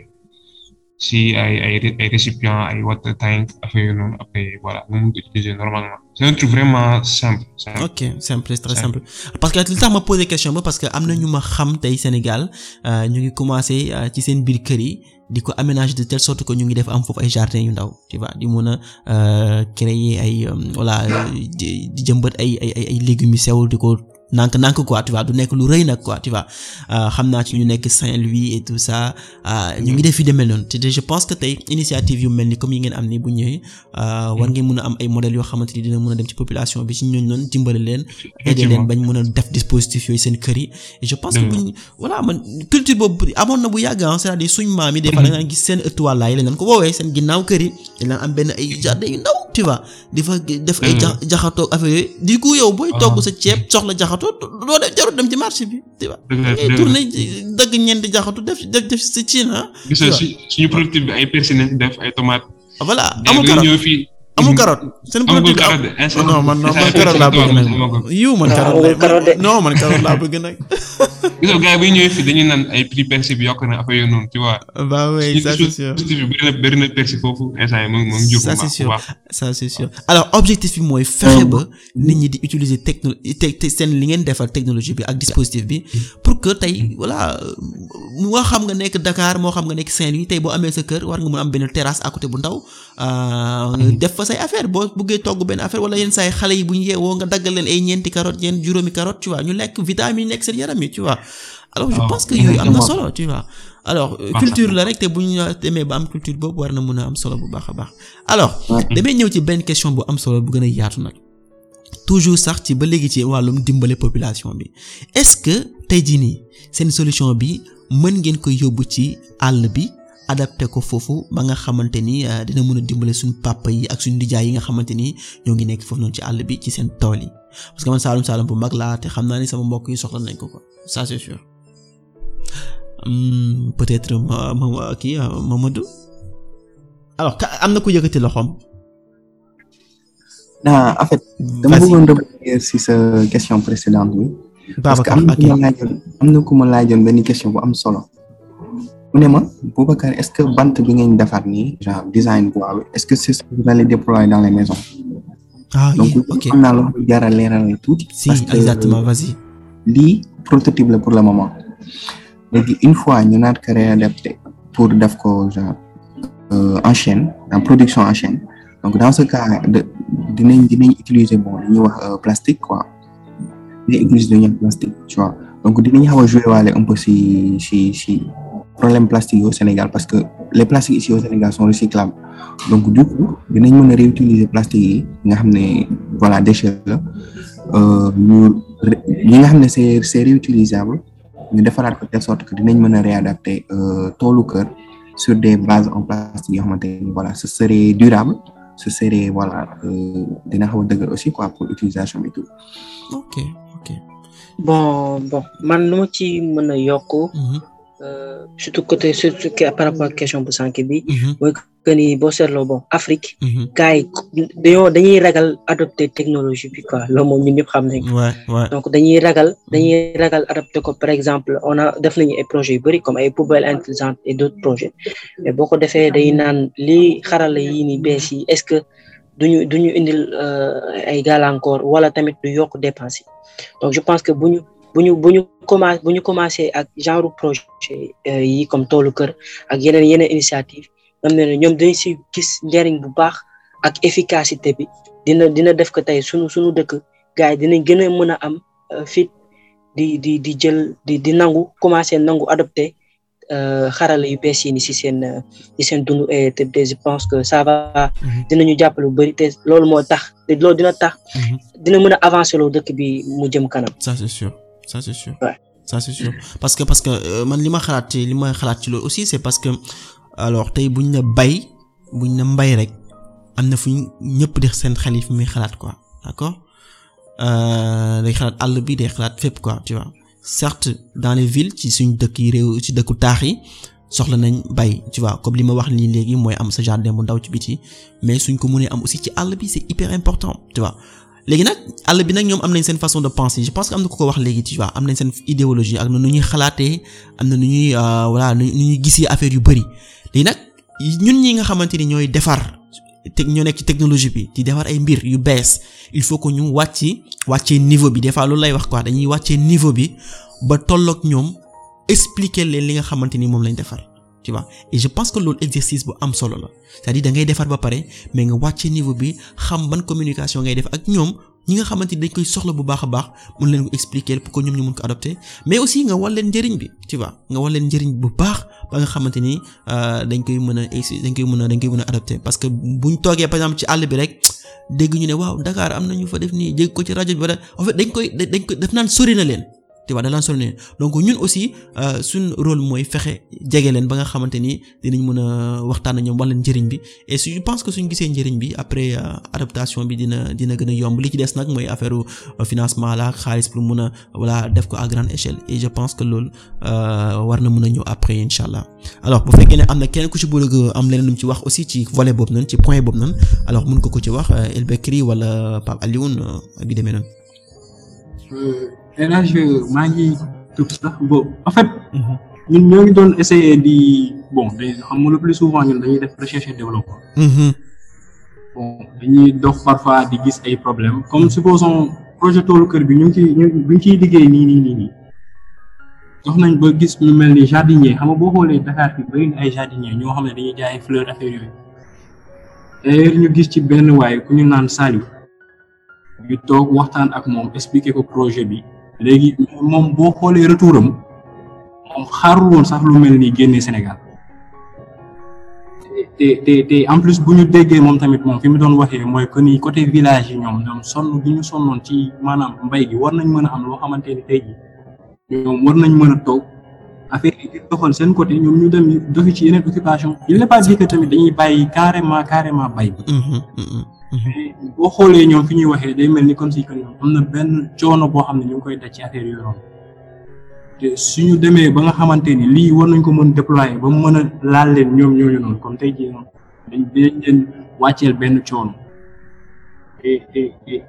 si ay ay ay récipient ay water tank affaire yooyu noonu après normalement. c'est un truc vraiment simple. simple. ok simple c'est simple. parce que li tax ma poser question ba parce que am na ñu ma xam tey Sénégal euh, ñu ngi commencé euh, ci seen biir kër yi. di ko aménage de telle sorte que ñu ngi def am foofu ay jardin yu ndaw tu vois di mën a euh, créer ay euh, voilà euh, di jëmbat ay ay ay légumes yu sewul di ko nank nank quoi tu vois du nekk lu rëy nag quoi tu vois euh, xam naa ci ñu nekk Saint-Louis et tout ça euh, ñu ngi def fi demee noonu te je pense que tey initiative yu mel ni comme yi ngeen am ni bu ñëwee euh, war ngeen mën a am ay modèles yoo xamante ni dina mën dem ci population bi ci ñooñ noonu dimbale leen aider leen bañ mën a def dispositif yooyu seen kër yi et je pense que buñ voilà man culture boobu amoon na bu yàgg ah cest suñ maam yi des fois da gis seen ëttuwàllaa yi leen ko woowee seen ginnaaw kër yi dañ am benn ay jardin yu ndaw tu vois def ay mm. jaxatoo affaire jaxatoo doo def jarul dem ci marché bi. tu vois ngay eh, tourné dagg ñeenti jaxatu def def def si Chine ah. gis suñu producteur bi ay persil def ay tomates. voilà amul garab fii. amul carotte. amul carotte de non man man carotte laa bëgg nag yiw man carotte de non man carotte laa bëgg nag. gis nga gars yi ñëwee fii dañuy naan ay prix persil bi yokk na affaire yooyu noonu tu vois. bëri na bëri na persil foofu instant yi mu ngi mu ngi jur bu baax objectif bi mooy fexe ba nit ñi di utiliser techno te seen li ngeen defal technologie bi ak dispositif bi pour que tey voilà euh, moo xam nga nekk Dakar moo xam nga nekk seen louis tey boo amee sa kër war nga mën am benn terrasse à bu ndaw. Euh, mm-hmm. def fa say affaire boo buggee togg benn affaire wala yenn saay xale yi bu ñu yeewoo nga daggal leen ay ñeenti carotte yenn juróomi carotte tu vois ñu lekk vitamine yi nekk seen yaram yi tu vois alors je ah, pense que euh, culture la rek bu ñu demee ba am culture boobu war na mën a am solo bu baax a baax alors damay ñëw ci benn question bu am solo bu gën a yaatu nag toujours sax ci ba léegi ci wàllum dimbale population bi est-ce que tey jii nii seen solution bi mën ngeen ko yóbbu ci àll bi adapté ko foofu ba nga xamante ni euh, dina mën a dimbale suñ papa yi ak suñ nijaay yi nga xamante ni ñoo ngi nekk foofu noonu ci àll bi ci seen tool yi parce que man bu mag laa te naa ni sama mbokk yi soxla nañ ko ko ça c'est hmm, être ma kii euh, Mamadou am na ko yëkkati loxoom. ah en fait. dama sa question précédente bi. am na ko ma laa am na ku benn question bu am solo. mu ne ma Boubacar est-ce que bant bi ngeen defar nii genre design bois bi est-ce que c'est ce que vous allez déployer dans les maisons. Ah, donc am naa loo xam jaara leeralal tuuti. parce que exactement la pour le moment léegi une fois ñu naat ko réadapté pour def ko genre euh, en chaîne en production en chaîne donc dans ce cas dinañ dinañ utiliser bon li wax euh, plastique quoi dinañ utiliser li jouer waale un peu si. problème plastique yi au Sénégal parce que les plastiques ici au Sénégal sont recyclables donc du coup dinañ mën a réutiliser plastique yi nga xam ne voilà déchet la euh, ñu li nga xam ne c'est c'est réutilisable ñu defaraat ko de sorte que dinañ mën a réadapter euh, toolu kër sur des bases en plastique yoo xamante ni voilà ce serait durable ce serait voilà euh, dina xaw a dëgër aussi quoi pour utilisation bi tout. ok ok. bon bon man lu ci mën a Euh, surtout côté surtout par rapport ak question bu sànq bi mhm. mooy que ni boo seetloo bon Afrique mhm. gars yi ragal adopter technologie bi quoi loolu moom ñun ñëpp xam nañ donc dañuy ragal dañuy ragal adopter ko par exemple on a def nañu ay projets yu bëri comme ay poubelles intelligentes et d'autres projets mais boo ko defee day naan lii xarala yii ni bees yi est-ce que duñu duñu indil euh, ay gàllankoor wala tamit du yokk dépense donc je pense que buñu bu ñu bu ñu commencé bu ñu commencé ak genre projet euh, yi comme toolu kër ak yeneen yeneen initiative am na ne ñoom dañ si gis njëriñ bu baax ak efficacité bi dina dina def ko tey sunu suñu dëkk gars yi dinañ gën a mën a am euh, fit di di di jël di di nangu commencé nangu adopte euh, xarala yu bees yi ni si seen si seen dund te je pense que ça va mm-hmm. dinañu jàppale bu bëri te loolu moo tax te dina tax mm-hmm. dina mën a avancer loo dëkk bi mu jëm kanam ça ça c'est sûr. parce que parce que euh, man li ma xalaat ci li ma xalaat ci loolu aussi c'est parce que alors tey buñ la bay buñ la mbay rek am na fu ñëpp di seen xel yi fi muy xalaat quoi d'accord euh, day xalaat àll bi day xalaat fépp quoi tu vois certes dans les villes ci suñ dëkk yi réew ci dëkku taax yi soxla nañ bay tu vois comme li ma wax nii léegi mooy am sa jardin bu ndaw ci biti mais suñ ko mënee am aussi ci àll bi c'est hyper important tu léegi nag àll bi nag ñoom am nañ seen façon de penser je pense que am na ku ko wax léegi tu vois am nañ seen idéologie ak na nu ñuy xalaatee am na nu ñuy euh, voilà nu ñuy gisee affaire yu bëri léegi nag ñun ñi nga xamante ni ñooy defar te ñoo nekk ci technologie bi di defar ay mbir yu bees il faut que ñu wàcc wàccee niveau bi des fois loolu lay wax quoi dañuy wàccee niveau bi ba tolloog ñoom expliquer leen li nga xamante ni moom lañ defar. tu vois et que loolu exercice bu am solo la c'est-à-dire defar ba pare mais nga wàcce niveau bi xam ban communication ngay def ak ñoom ñi nga xamante ni dañ koy soxla bu baax a baax mun leen ko expliquer pour que ñoom ñu mun ko adopter mais aussi nga wal leen njëriñ bi tu nga wal leen njëriñ bu baax ba nga xamante ni euh, dañ koy mën a dañ koy mën a dañ parce que buñ toogee par exemple ci àll bi rek dégg ñu ne waaw Dakar am na ñu fa tu vois da leen sonal leen donc ñun aussi euh, suñ rôle mooy fexe jege leen ba nga xamante ni dinañ mën a waxtaan ñoom wala njëriñ bi et je pense que suñ gisee njëriñ bi après euh, adaptation bi dina dina gën a yomb li ci des nag mooy affaire euh, financement la xaalis pour mun a voilà def ko à grande échelle et je pense que loolu war na mën a ñëw après incha allah alors bu fekkee ne am na keneen ku ci bëgg am leneen lu mu ci wax aussi ci volet boobu noonu ci point boobu noonu alors mun ko ko ci wax El Bekri wala Pape Alioune ak yu demee noonu élage euh, maa ngi tudd sax bon en fait. Mhm. ñun ñoo ngi doon essayer di bon xam nga plus souvent ñun dañuy def recherche et développement. Mhm. bon dañuy dox parfois di gis ay problème comme supposons projet toolu kër bi ñu ngi ciy ñu ngi ciy liggéey nii nii nañ ba gis ñu mel ni jardinier xam nga boo xoolee Dakar ñoo xam ne dañuy jaay fleur affaire yooyu. ñu gis ci benn waay ku ñu naan Saliou. ñu toog waxtaan ak moom expliquer ko projet bi léegi moom boo xoolee retour am moom xaarul woon sax lu mel ni génnee Sénégal te te te en plus bu ñu déggee moom tamit moom fi mu doon waxee mooy que ni côté village yi ñoom sonn bi ñu sonnoon ci maanaam mbay gi war nañ mën a am loo xamante ni tey ji war nañ mën a toog affaire yi di seen côté ñoom ñu dem doxi ci yeneen occupation il n'est pas dit tamit dañuy bàyyi carrément carrément bay bi mm-hmm, mm-hmm. mais mhm. boo xoolee ñoom fi ñuy waxee day mel ni comme si que ñoom am na benn coono boo xam ne ñu ngi koy daj ci affaire te suñu demee ba nga xamante ni lii war nañ ko mën déployer ba mu mën a laal leen ñoom ñooñu noonu comme tey jii dañ dañ leen benn coono te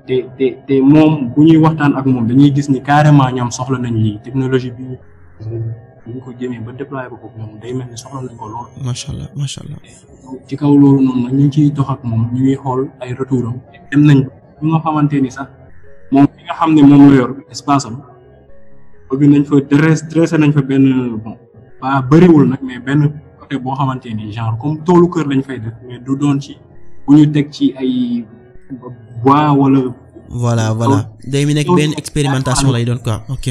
te te moom bu ñuy waxtaan ak moom dañuy gis ni carrément ñoom soxla nañ lii technologie bi ñu ko jëmee ba déployer ko foofu day mel ni soxla nañ ko lool. macha allah ci kaw loolu noonu nag ñu ngi ciy dox moom ñu ngi xool ay retour dem nañ ñu nga xamante ni sax moom li nga xam ne moom la espace am bëgg nañ fa dressé nañ fa benn bon ba bëriwul nag mais benn boo xamante ni genre comme toolu kër lañ fay def mais du doon ci bu ñu teg ci ay bois wala. voilà wala day mi nekk benn expérimentation lay doon quoi ok.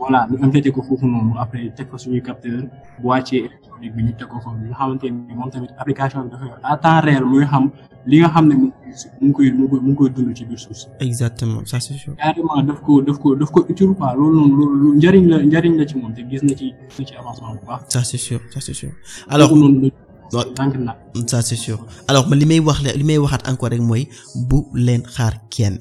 voilà ñu am ko foofu noonu après teg fa suñuy capteur boîtier bi nga xamante ni moom tamit application bi dafa yor à temps réel muy xam li nga xam ne mu ngi koy mu ngi koy mu ngi dund ci biir suuf si. exactement c'est ko daf ko daf ko utile quoi loolu noonu ci moom te gis na ci gis na ci avancement bu c'est sûr ça c'est alors li may wax li may waxaat ko rek mooy bu leen xaar kenn.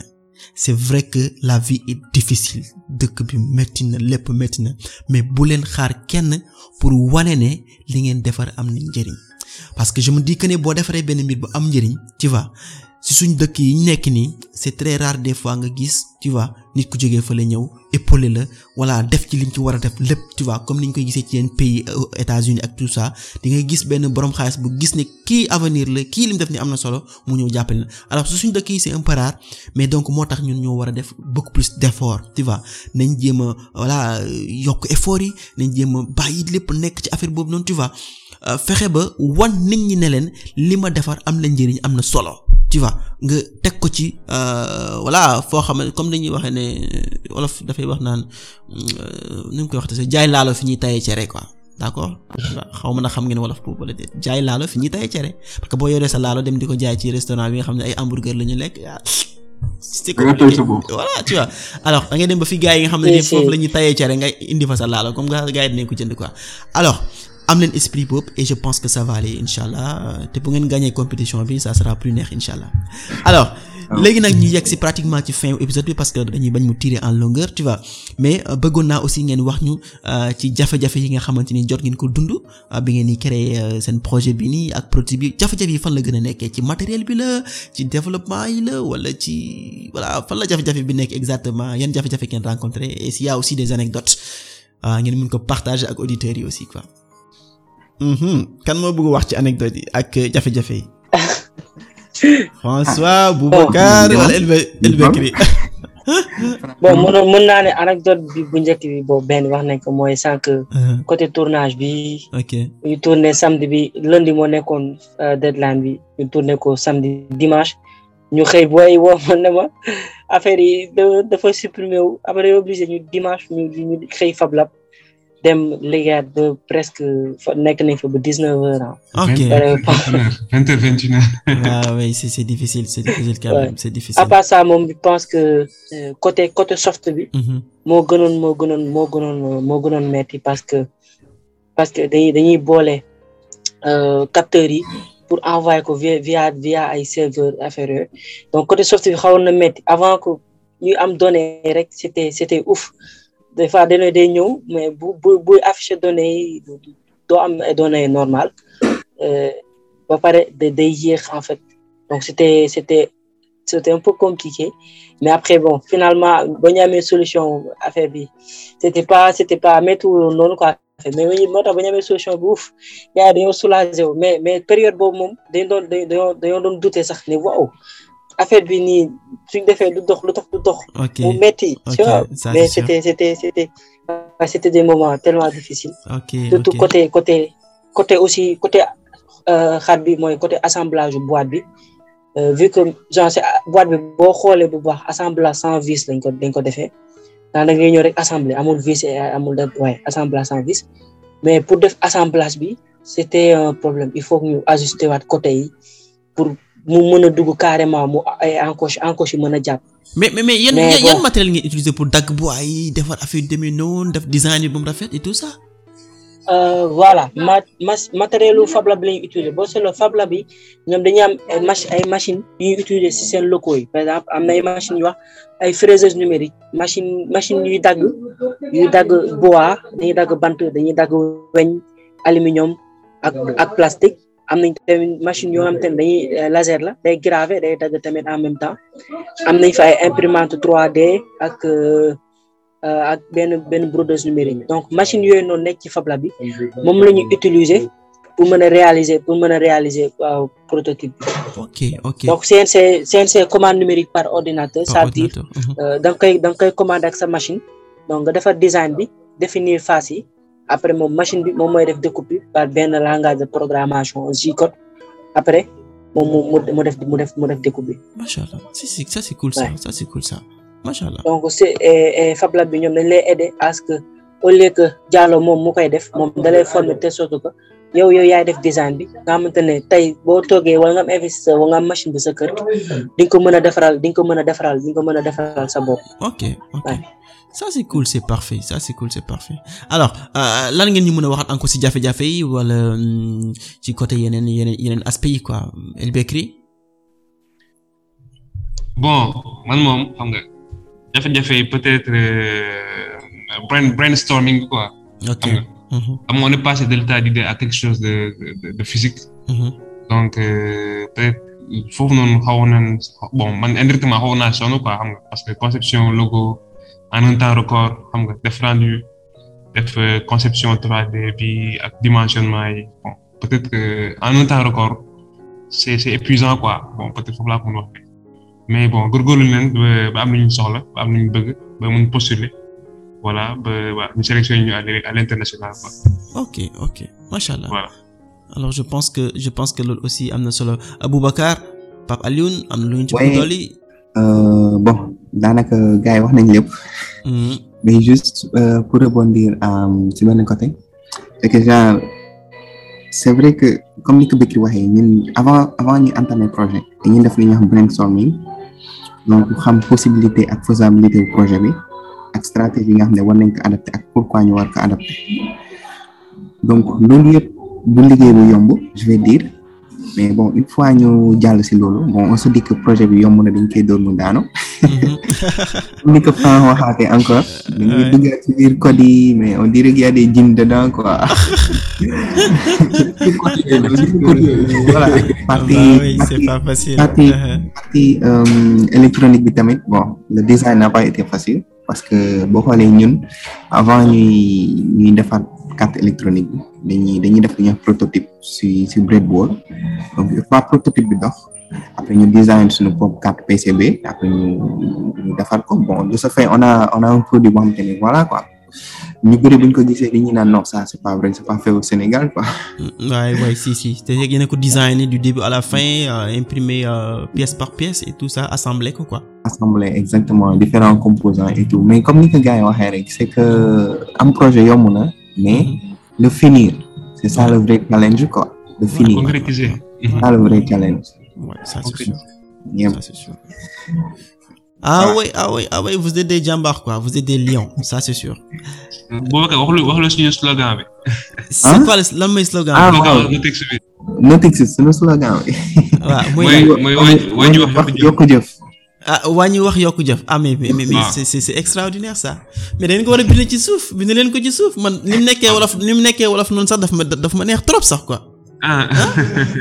c'est vrai que la vie est difficile dëkk bi métti na lépp métti na mais bu leen xaar kenn pour wane ne li ngeen defar am na njëriñ parce que je me dis ne boo defaree benn mbir bu am njëriñ tu vois si suñ dëkk yi ñu nekk nii c'est très rare des fois nga gis tu vois nit ku jógee fa la ñëw épaulé la voilà def ci liñ ci war a def lépp tu comme ni ñu koy gisee ci yenn pays euh, États-Unis ak tout ça di nga gis benn borom xaalis bu gis ne kii avenir la kii lim def ni am na solo mu ñëw jàppale na alors suñ dëkk yi c'est mais donc moo tax ñun ñoo war a def beaucoup plus d'effort tu vois jéem a voilà euh, yokk effort yi nañ jéem a bàyyi lépp nekk ci affaire boobu noonu tu euh, fexe ba wan nit ñi ne leen li ma defar am na njëriñ am na solo. tu vois nga teg ko ci euh, voilà foo xam ne comme dañuy waxee ne olof dafay wax naan euh, nu mu koy waxte sa jaay laalo fi ñuy tayee cere quoi d'accord xaw ma na xam ngeen wolof boobu jaay laalo fi ñuy tayee cere parce boo yoree sa laalo dem di ko jaay ci restaurant bi nga xam ne ay hamburger la ñu lekk ah, c'est compliqué voilà tu vois alors da ngay ba fi gars yi nga xam ne foofu la ñuy tayee cere nga indi fa sa laalo comme nga gars yi dinañ ko jënd quoi alors am leen esprit boobu et je pense que sa va aller allah te bu ngeen gagné compétition bi ça sera plus neex incha allah alors. Ah. léegi nag ñu yegg si pratiquement ci fin épisode bi parce que dañuy bañ mu tirer en longueur tu vois mais euh, bëggoon naa aussi ngeen wax ñu euh, ci jafe-jafe yi nga xamante ni jot ngeen ko dund euh, bi ngeen di créer seen projet bi nii ak produit bi jafe-jafe yi fan la gën a nekkee ci matériel bi la ci développement yi la wala ci voilà fan jafe-jafe bi nekk exactement yan jafe-jafe ngeen rencontré a aussi des anecdotes ngeen mën ko partager ak auditeurs yi aussi quoi. Mhm. kan moo bëgg wax ci anecdote yi ak jafe-jafe yi. François ah. Boubacar oh. wala El Bekri. bon naa bi bu njëkk bi boobu benn wax nañ ko mooy sànq. Uh-huh. côté tournage bi. ok ñu tourné samedi bi lundi moo nekkoon euh, deadline bi ñu tourné ko samedi dimanche. ñu xëy booy woo ma ne ma affaire yi dafa supprimer wu après ñu dimanche ñu ñu xëy fablab dem liggéeyaat ba presque nekk nañ fa ba dix neuf heures ah. ok vingt heures vingt une ah moom je pense que euh, côté côté soft bi. Mm-hmm. moo gënoon moo gënoon moo gënoon moo gënoon metti parce que parce que dañuy dañuy boole euh, capteurs yi pour envoyer ko via via via ay serveurs affaire yooyu donc côté soft bi xawoon na metti avant que ñuy am données rek c'était c'était des fois données day ñëw mais bu bu buy affiché données yi doo am données normales euh, ba pare day yéex en fait donc c'était c'était c'était un peu compliqué mais après bon finalement ba ñu amee solution affaire bi c'était pas c'était pas métti noonu quoi mais moo tax ba ñu amee solution bi ouf gars yi dañoo soulagé wu mais mais période boobu moom dañ doon dañoo dañoo doon douter sax ne affaire bi nii suñ defee lu dox lu tax lu dox. ok mu metti tu vois mais c'était c'était c'était c'était des moments tellement difficiles. ok surtout côté côté côté aussi côté euh, xar bi mooy côté assemblage bu boîte bi euh, vu que genre c'est boo xoolee bu baax assemblage sans vis lañ ko dañ ko defee da ngay ñëw rek assembler amul vis amul da waaye assemblage sans vis mais pour def assemblage bi c'était un problème il faut que ñu ajuster waat côté yi mu mën a dugg carrément mu ay encoche encoche yi mën a jàpp. mais mais mais yan yan matériel ngeen utiliser pour dagg bu ay defar a yu demee noonu def design yi ba mu rafet et tout ça. Euh, voilà ma matériel yu Fab Lab la ñuy utiliser boo seetloo Fab bi ñoom dañuy am ay mach ay machines yu ñuy utiliser si seen locaux yi par exemple am na ay machines yu wax ay fraiseuses numériques machine machine yuy dagg yuy dagg bois dañuy dagg bant dañuy dagg weñ aluminium ak ak am nañ tamit machine yoo xam te dañuy euh, laser la day gravé day dagg tamit en même temps am nañ fa ay imprimante 3D ak euh, euh, ak benn benn brodeuse numérique donc machine yooyu noonu nekk ci Fab Lab bi moom la ñu utiliser pour mën a réaliser pour mën a réaliser prototype bi. ok ok donc CNC CNC commande numérique par ordinateur. par ordinateur c'est-à-dire mhm. da nga koy da nga koy commandé ak sa machine donc nga defar design bi définir face yi. après moom machine bi moom mooy def découpe bi par benn langage de programmation J code après moom mu def mu def mu def découpe bi. macha allah si si ça c'est cool ça ça c'est cool ça macha bi ñoom dañ lay aider que au lieu que Diallo moom mu koy def moom da lay former te sotti ko yow yow yaay def design bi nga xamante ne tey boo toogee wala nga am nga am machine bi sa kër di nga ko mën a defaral di nga ko mën a defaral di nga ko mën a defaral sa bopp. ça c'est cool c'est parfait ça c'est cool alors euh, lan ngeen ñu mën a waxaat encore ci jafe-jafe yi wala euh, ci côté yeneen yeneen yeneen aspect yi quoi El bon man moom xam nga jafe-jafe yi peut-être euh, brain brainstorming quoi. ok xam nga. Mm-hmm. xam nga on est passé de l'état d'idée à de de de physique. Mm-hmm. donc peut-être xawoon nañ bon man indirectement xawoon naa sonn quoi xam nga parce que conception logo. en temps record xam nga def rendu def euh, conception 3D bi ak dimensionnement yi peut-être que en un temps record c'est c'est épuisant quoi bon peut-être foofu laa ko mën wax mais bon góorgóorlu leen ba am nu ñu soxla ba am lu ñu bëgg ba mun postuler voilà ba waa ñu sélectionné ñu à l'international quoi. ok ok macha allah. voilà alors je pense que je pense que loolu aussi am na solo Aboubacar Pape Alioune am na lu ñu ci. dolli euh, daanaka gars yi wax nañ lépp. Mm-hmm. mais juste euh, pour rebondir euh, ci benn côté. c'est que genre c'est vrai que comme ni ko Bekri waxee ñun avant avant ñu entamer projet. dañuy def li ñuy wax brainstorming donc xam possibilité ak faisabilité bu projet bi ak stratégie nga xam ne war nañ ko adapté ak pourquoi ñu war ko adapté donc loolu yëpp bu liggéey bu yomb je vais dire mais bon une fois ñu jàll si loolu bon on dik projet bi yomb na dañ ke doon mu daano ni ko Franck waxaatee encore. ñu ngi duggaat ci mais on dirait qu'il y a des djinns dedans quoi. voilà partie ah uh-huh. euh, bi tamit bon le design n'a pas été facile parce que boo xoolee ñun avant ñuy ñuy defar carte électronique bi dañuy dañuy def lu ñuy prototype si si breadboard donc prototype bi dox. après ñu design suñu propre carte PCB après ñu defar ko de ce fait on a on a un produit boo xamante ni voilà quoi ñu bëri bu ñu ko gisee ñu naan non ça c'est pas vrai c'est pas fait au Sénégal quoi. waay mm, si si te yéen a ko designé du début à la fin euh, imprimé euh, pièce par pièce et tout ça assemblé ko quoi. assemblé exactement différents composants et tout mais comme ni ko gars yi waxee rek c'est que am projet yomb na mais le finir c'est ça le vrai challenge quoi. le finir c'est ça le vrai Ouais, ça c'est sûr. Niam. Ça c'est sûr. Ah oui, ah oui, ah oui, ah vous êtes des jambar quoi, vous êtes des lions, ça mm. wax lu wax lu suñu slogan bi. C'est quoi lan mooy slogan ah, bi? Ah mooy mooy wax yokku jëf. ah wàññi wax yokku jëf ah mais mais mais ah. extraordinaire ça mais dañ ko war a bind ci suuf bind leen ko ci suuf man ni mu nekkee wolof ni mu nekkee wolof noonu sax daf ma daf ma neex trop sax quoi. ah.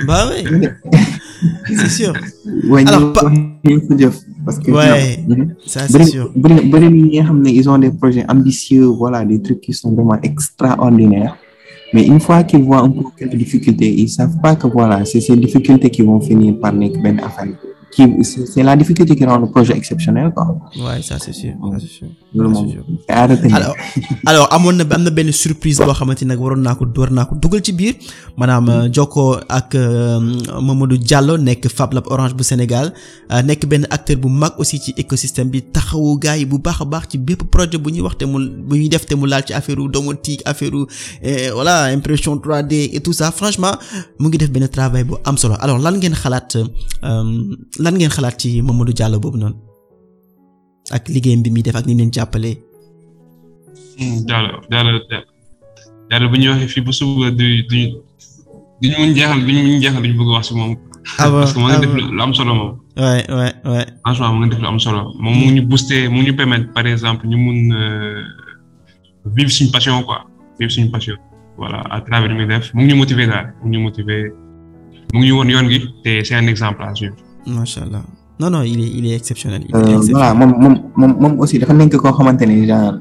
Bah c'est sûr. alors pa parce que. Ouais, ça c'est sûr bëri bëri ñi nga xam ne ils ont des projets ambitieux voilà des trucs qui sont vraiment extraordinaires mais une fois qu'ils voient un peu quelques difficultés ils savent pas qui c'est projet exceptionnel quoi. waaye ouais, amoon na am na benn surprise boo xamante ni nag waroon naa ko war naa ko ci biir maanaam euh, jokkoo ak euh, Mamadou Diallo nekk Fab Lab Orange bu Sénégal euh, nekk benn acteur bu mag aussi ci écosystème bi taxawu gars yi bu baax a baax ci bépp projet bu ñuy wax te mu bu ñuy def te mu laal ci affaire wu domotique affaire voilà impression 3D et tout ça franchement mu ngi def benn travail bu am solo alors lan ngeen xalaat. lan ngeen xalaat ci Mamadou Diallo boobu noonu ak liggéeyam bi muy def ak ni mu leen jàppalee. Hmm, Diallo Diallo Diallo bu ñuy waxee fii bu suba du du ñu mën jeexal du ñu wax si moom. Ah parce mu ah lu am solo moom. waay waay waay. franchement solo moom mu ñu booster mu ñu permettre par exemple ñu mun euh, vivre suñu passion quoi vivre suñu passion. voilà à travers li muy def mu ngi ñu motiver daal mu ngi ñu motiver mu ngi ñu woon yoon gi te c'est un exemple à suivre. macha allah non non il est il est exceptionnel. Euh, moom moom moom aussi dafa nekk koo xamante ne genre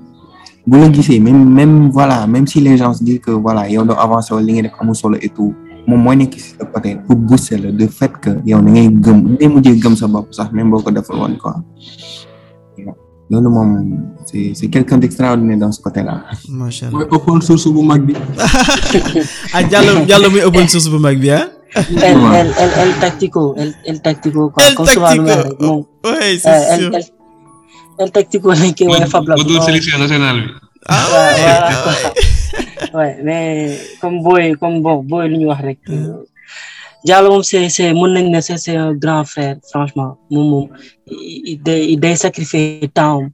bu la gisee même même voilà même si les gens se disent que voilà yow doo avancé li nga def amul solo et tout moom mooy nekk si sa côté pour booster la de fait que yow da ngay gëm da mujjee gëm sa bopp sax même boo ko def woon quoi. loolu moom si si quelqu'un d'extraordinaire dans ce côté-là. macha allah bu mag bi. ah Diallo Diallo muy open source bu mag bi ah? El, el, el, el táctico, el, el táctico, el táctico. Ouais, c'est sûr. El, táctico nekk waaye Fab la. bu sélection nationale bi. ah ouais ouais mais comme booy comme booy booy lu ñu wax rek. Diallo moom c'est c'est mën nañ ne c'est un grand frère franchement moom moom day day sacrifier temps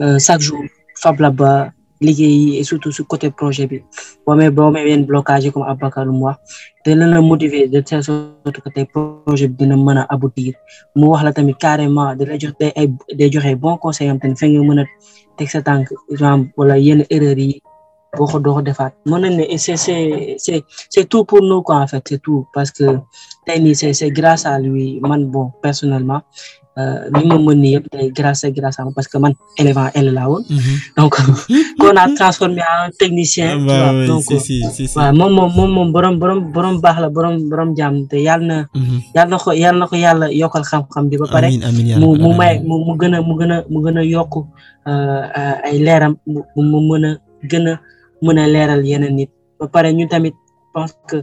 eh, chaque jour Fab là-bas. liggéey et surtout su côté projet bi boo amee boo amee yenn blocage yi comme Ababacar lu mu wax dina la motiver de telle sorte que tey projet bi dina mën a aboutir mu wax la tamit carrément dina jox day ay day joxe bon conseil am tamit fa nga mën a tànk exemple wala yenn erreur yi boo ko doo ko defaat mën nañ ne c'est c'est c'est tout pour nous quoi en fait c'est tout parce que tey nii c'est c'est grâce à lui man bon personnellement Euh, ni ma mën nii yëpp tey parce que man élève en L laa mhm. a transformé en technicien. waaw ah, donc euh, waaw moom moom moom moom borom borom borom baax borom borom jàmm te yàlla na. Mhm. yàlla na ko yàlla na ko yàlla yokkal xam-xam bi ba pare. mu mu may mu mu gën a mu gën a mu gën a yokk euh, leeram mu mu mën a gën a mën a leeral yeneen nit bapare pare ñu tamit pense que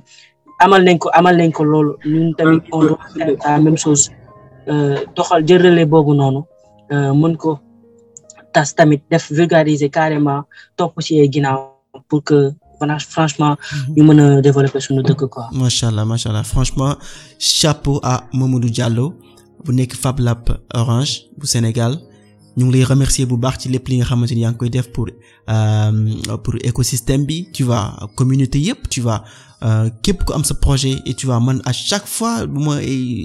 amal nañ ko amal nañ ko loolu ñun tamit on doit faire la Euh, doxal jërële boobu noonu euh, mën ko tas tamit def vulgariser carrément topp ci ay ginnaaw pour que franchement mhm. ñu mën a développer suñu dëkk ko macha allah macha allah franchement chapeau à Mamadou Diallo bu nekk Fab Lab Orange bu Sénégal. ñu ngi lay remercier bu baax ci lépp li nga xamante ni yaa ngi koy def pour euh, pour écosistème bi tu vois communauté yëpp tu vois Euh, képp ku am sa projet et tu man à chaque fois lu ma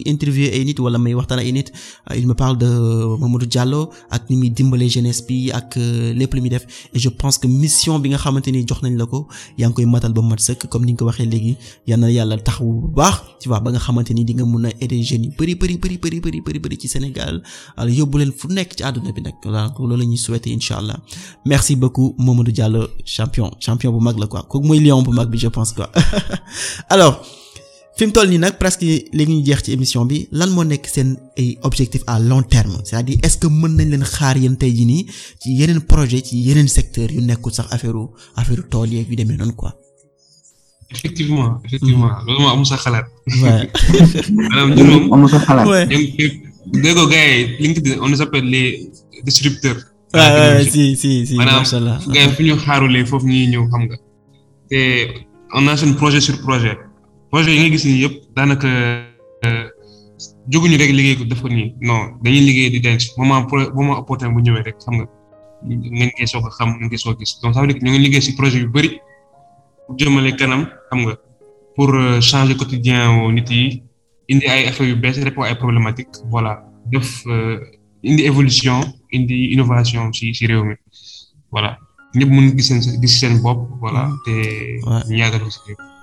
interviewer ay nit wala may waxtaan ay nit euh, il me parle de euh, Mamadou Diallo ak ni muy dimbale jeunesse bi ak lépp lu muy def et je pense que mission bi nga xamante ni jox nañ la ko yaa ngi koy matal ba mat sëkk comme ni nga ko waxee léegi yal na yàlla taxawu bu baax tu vois ba nga xamante ni di nga mun a aider jeunes yu bëri bëri bëri bëri bëri bëri bëri ci Sénégal yóbbu leen fu nekk ci àdduna bi nag voilà loolu la incha allah merci beaucoup Mamadou Diallo champion champion bu mag la quoi kooku mooy bu mag pense quoi. alors fi mu toll nii nag presque li ñu jeex ci émission bi lan moo nekk seen ay objectif à long terme c'est-à-dire est-ce que mën nañ leen xaar yéen tey jii nii ci yeneen projet ci yeneen secteur yu nekkul sax affaire affaire tool yeeg yu demee noonu quoi. effectivement effectivement sa xalaat. waaw maanaam ñun amul sa xalaat. dégg nga yi li nga on les appelle les disrupteurs. waaw waaw si si si macha allah maanaam gars yi fu ñu xaarulee foofu ñuy ñëw xam nga on enchaîne projet sur projet projet yi nga gis nii yëpp daanaka euh, jóguñu rek liggéey ko def ko nii non dañuy liggéey di denc moment pro moment opportun bu ñëwee rek xam nga ngeen koy soog a xam ngeen koy soog gis donc ça veut dire ñu ngi liggéey si projet yu bari pour jëmale kanam xam nga pour euh, changer quotidien wu nit yi indi ay affaires yu bees répondre ay problématiques voilà def euh, indi évolution indi innovation si si réew mi voilà. ñëpp mën gis seen gis seen bopp voilà mm. te. ñaagal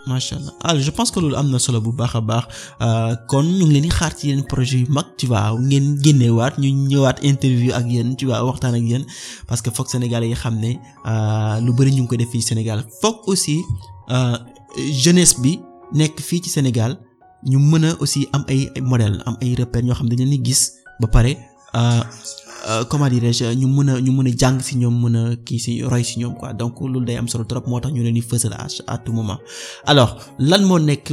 macha allah alors ah, je pense que loolu am na solo bu baax a baax euh, kon ñu ngi leen di xaar ci yeneen projet yu mag tu vois ngeen génnewaat ñu ñëwaat interview ak yéen tu waxtaan ak yéen parce que foog Sénégalais yi xam ne euh, lu bari ñu ngi ko def fii Sénégal foog aussi euh, jeunesse bi nekk fii ci Sénégal ñu mën a aussi am ay model am ay repères ñoo xam ne leen di gis ba pare. Euh, comment dirais-je ñu mën a ñu mën a jàng si ñoom mën a kii si roy si ñoom quoi donc loolu day am solo trop moo tax ñu leen di fësal à tout moment alors lan moo nekk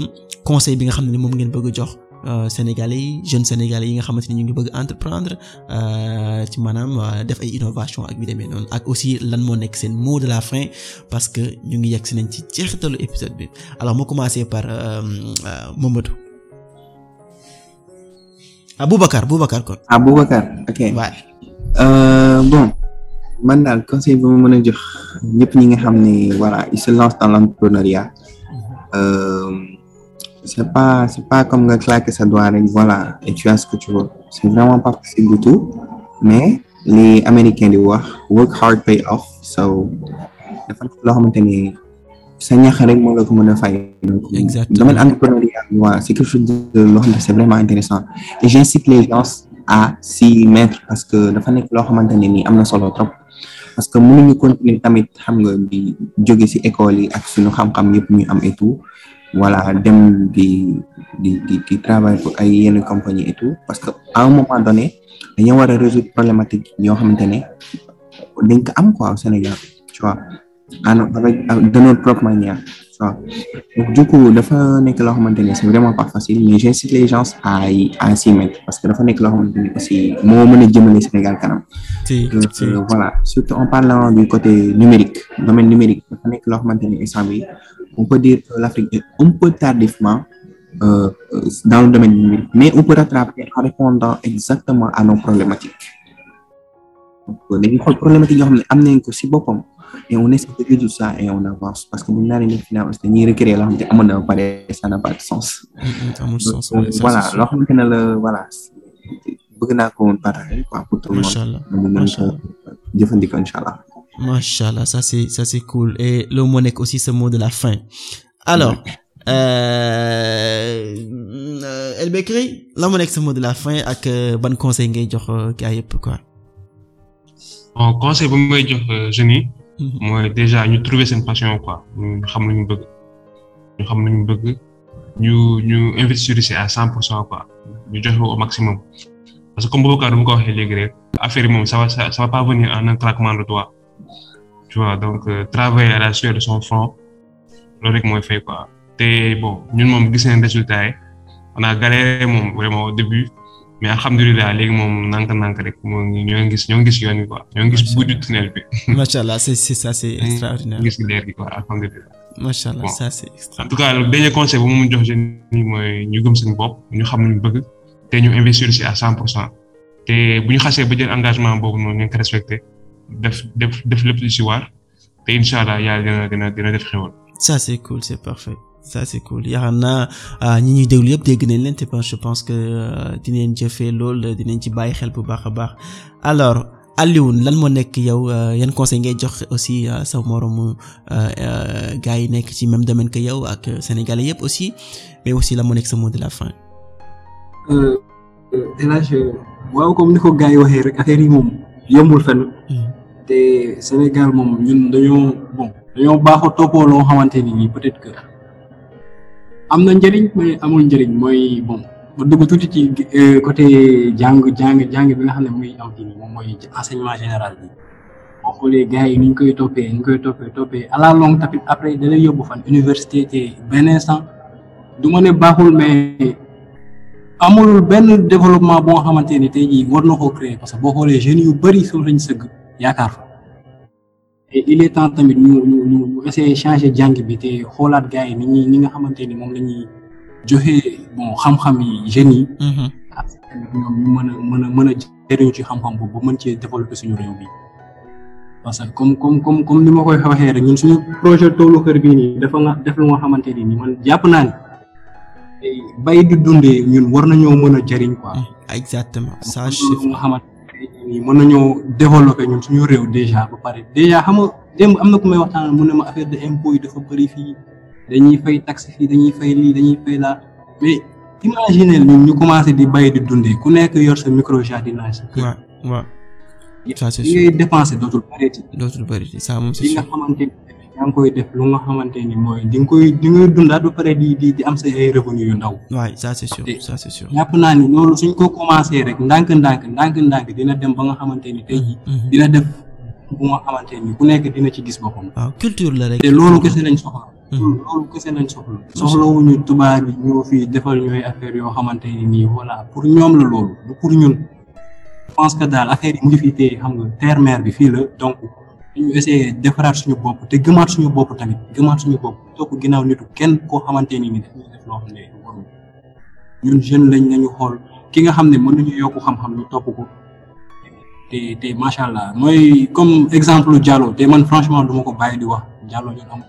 conseil bi nga xam ne moom ngeen bëgg jox euh, Sénégalais yi jeunes Sénégalais yi nga xamante ni ñu ngi bëgg entreprendre euh, ci maanaam def ay innovation ak yu demee noonu ak aussi lan moo nekk seen mot de la fin parce que ñu ngi yegg si nañ ci jeexitalu épisode bi alors moo commencé par Mamadou. ah Boubacar Boubacar Euh, bon man daal conseil bu ma mën a jox ñëpp ñi nga xam ni voilà ils se lancent dans l'entrepreneuriat euh, c'est c'est pas comme nga claquer sa doigt rek voilà et tu as c'est vraiment pas possible du tout mais les américain di wax work hard pay off so dafa nekk loo xamante ne sa ñax rek moo la ko mën a fay donc domaine entrepreneuriat waaw c'est quelque chose c'est vraiment intéressant et j'incite les gens à si mettre parce que dafa nekk loo xamante ne nii am na solo trop parce que mënuñu continuer tamit xam nga di joge ci école yi ak suñu xam-xam yëpp ñu am et tout voilà dem di di di di travail pour ay yenn compagnie et parce que à un moment donné dañoo war a résoudre problématique yoo xamante ne dañ ko am ko au Sénégal tu vois avec de notre propre manière ça. dafa nekk loo xamante ne c'est vraiment pas facile mais j'incite les gens à à s'y mettre parce que dafa nekk loo xamante ne aussi moo mën a jëmale Sénégal kanam. si euh, si voilà surtout en parlant du côté numérique domaine loo xamante ne bi on peut dire que l'Afrique est euh, mais on peut rattraper en répondant exactement à nos problématiques euh, am nañ ko si boppam. et on espère tout ça et on avance parce que bu ñu naanee final aussi dañuy recréer loo xamante ni amoon na ba pare ça n'a pas de sens. amul sens voilà loo xamante ne la voilà bëgg naa ko woon partager quoi pour tout le monde. macha allah jëfandikoo incha allah. macha allah ça c'est ça c'est cool et loolu moo nekk aussi ce mot de la fin alors. El Bekri la mu nekk sa mot de la fin ak ban conseil ngay jox gaa yëpp quoi. bon conseil bu may jox jeunes yi mooy déjà ñu trouver seen passion quoi ñu xam na ñu bëgg ñu xam na ñu bëgg ñu ñu investir ci à cent pour cent quoi ñu joxe au maximum parce que comme Boubacar du ma ko waxee léegi rek affaire yi moom ça va ça va pas venir en claquement de doigts tu donc euh, travailler la sueur de son front loolu rek mooy fay quoi te bon ñun moom gis résultat yi a galéré moom vraiment au début. mais alhamdulilah léegi moom nànk-nànk rek moo ñoo ngi gis ñoo ngi gis yoon bi quoi ñoo ngi gis buddu tunnel bi. macha allah c' est extraordinaire. gis leer gi alhamdulilah. macha allah ça c' en tout cas le dernier conseil bu mu jox jeunes yi mooy ñu gëm seen bopp ñu xam lu ñu bëgg te ñu investir si à cent pour cent te bu ñu xasee ba jël engagement boobu noonu ñu ko respecté def def def lépp lu si war te incha allah yàlla dina def xéwal. ça c' est parfait. ça c'est cool yaakaar naa euh, ñi ñuy déglu yëpp dégg ne leen te je pense que euh, dinañ jëfee loolu dinañ ci bàyyi xel bu baax a baax alors Alioune lan moo nekk yow euh, yan conseil ngay jox aussi sa moromu gars yi nekk ci même domaine que yow ak sénégalais yëpp aussi mais aussi lan moo nekk sa mot de la fin. El Hadj comme ni ko gars yi waxee rek affaire yi moom yombul fenn. Hmm. te Sénégal moom ñun dañoo bon toppoo loo xamante ni peut que. am na njëriñ mais amul njëriñ mooy bon ba dugg tuuti ci euh, côté jàng jàng jàng bi nga xam ne muy am moom mooy enseignement général bi boo xoolee gars yi ni ñu koy toppee ni ñu koy toppee toppee à la après da yóbbu fan université te benn instant du ma ne baaxul mais amul benn développement boo xamante ne tey jii war na koo créer parce que boo xoolee jeunes yu bëri soo lañ sëgg yaakaar et il est temps tamit ñu ñu ñu essayer changer jàng bi te xoolaat gars yi ni ñi ñi nga xamante ni moom la ñuy joxe bon xam-xam yi jeunes yi. Mm-hmm. ak ñoom ñu mën a mën a mën a jëriñu ci xam-xam boobu ba mën cee développer suñu réew que comme comme comme comme ni ma koy waxee rek ñun suñu projet toolu kër bii nii dafa nga def lu nga xamante ni man jàpp naa ne bay di dundee ñun war nañoo mën a jëriñ quoi. Mm, exactement ça nga xamante nii mën nañoo développer ñun suñu réew déjà ba pare déjà xam nga am na ku may waxtaan mu ne ma affaire de impôt yi dafa bëri fii dañuy fay taxe fii dañuy fay lii dañuy fay laa mais imaginez ñun ñu commencé di bay di dundee ku nekk yor sa micro jardinage. waaw waaw ça c'est sûr li ngay dépensé dootul bëreeti. dootul yaa ngi def lu nga xamante ni mooy di koy di nga dundaat ba pare di di di am sa ay yu ndaw. waaw ça c'est sûr naa ni loolu suñ ko commencé rek ndànk ndànk ndànk ndànk dina dem ba nga xamante ni tey jii. Mhm. dina def bu nga xamante ni ku nekk dina ci gis boppam. waaw culture la rek. te loolu kese lañ soxla. Mhm. loolu kese lañ soxla. soxlawuñu tubaab yoo xamante ni nii voilà pour ñoom la loolu du pour ñun. je pense que daal affaire yi fi tey xam nga terre mère bi fii la donc. ñu essayé defaraat suñu bopp te gëmaat suñu bopp tamit gëmaat suñu bopp topp ginnaaw nitu kenn koo xamante ni nii loo xam ne waruñu ñun jeune lañ nañu xool ki nga xam ne mën nañu yokk xam-xam ñu topp ko te te macha allah mooy comme exemple jaalo te man franchement du ma ko bàyyi di wax Diallo ñun am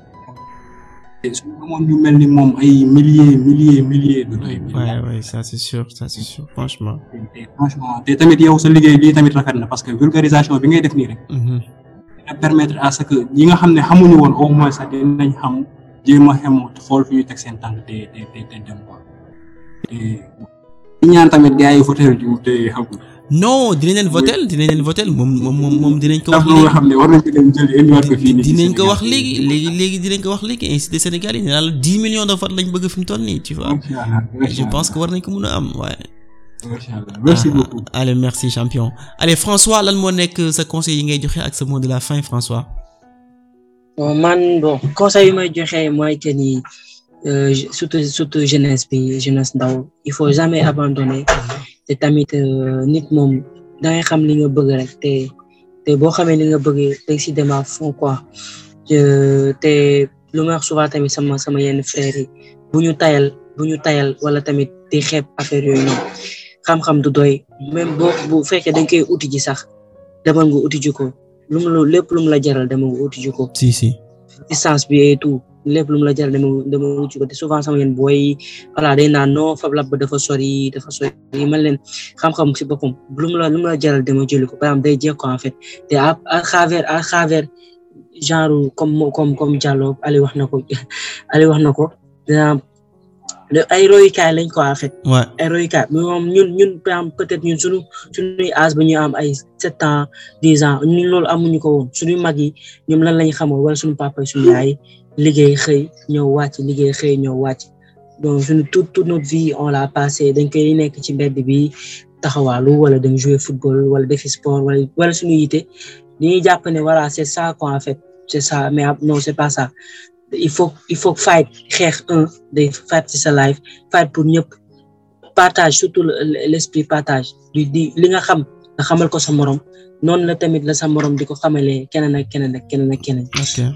te suñu amoon mel ni moom ay milliers milliers milliers de doy. waaw waaw ça c'est sûr ça c'est sûr franchement. te franchement te tamit yow na parce que vulgarisation bi ngay def nii rek. Mm-hmm. dina permettre que ñi nga xam ne xamuñu woon au moins sax dinañ xam jéem a xool fi ñu teg ñaan tamit gars yi votel ju te xam non dinañ leen votel dinañ leen votel moom moom moom dinañ ko wax léegi nga xam ne war nañ ko ko dinañ ko wax léegi léegi léegi dinañ ko wax léegi incité Sénégal yi nee naa la dix millions de votes lañ bëgg fi mu toll nii tu vois je pense que war nañ ko mën a am waaye merci ah, beaucoup allez merci champion allez François lan moo nekk sa conseil yi ngay joxe ak sa mot de la fin François. man bon conseil yi may joxe mooy que ni euh, surtout surtout jeunesse bi jeunesse ndaw il faut jamais abandonner te tamit euh, nit moom da ngay xam li nga bëgg rek te te boo xamee li nga bëgg rek si dem quoi te lu ma wax souvent tamit sama sama yenn frères yi bu ñu tayal wala tamit di xeeb affaire yooyu noonu. xam-xam du doy même boo bu fekkee dañ koy uti ji sax demal nga uti ji ko lu mu lépp lu mu la jaral demal nga uti ji ko. si si distance bi tu tout lépp la jaral demal demal nga uti ji souvent sama yéen booy voilà day naan non Fab Lab dafa sori dafa sori man leen xam-xam si boppam lu mu la lu mu la jaral demal jëli ko par exemple day jékko en fait te a à travers à travers genre comme comme comme Diallo Aliou wax na ko. le ay royukaay lañ ko en fait. ay royukaay moom ñun ñun peut-être ñun suñu suñuy âge ba ñuy am ay sept ans dis ans ñun loolu amuñu ko woon suñu mag yi ñoom lan lañ xamoo wala suñu papa yi suñu liggéey xëy ñëw wàcc liggéey xëy ñëw wàcc donc suñu tout toute notre vie on l'a passé dañ koy nekk ci mbedd bi taxawaalu wala dem jouer football wala defi sport wala wala suñu yite dañuy jàpp ne voilà c'est ça quoi en fait c'est ça mais non c'est pas ça il faut il faut fight xeex un day fight ci sa life fight pour ñëpp partage surtout l'esprit partage di di li nga xam nga xamal ko sa morom noonu la tamit la sa moroom di ko xamalee keneen ak keneen ak keneen ak keneen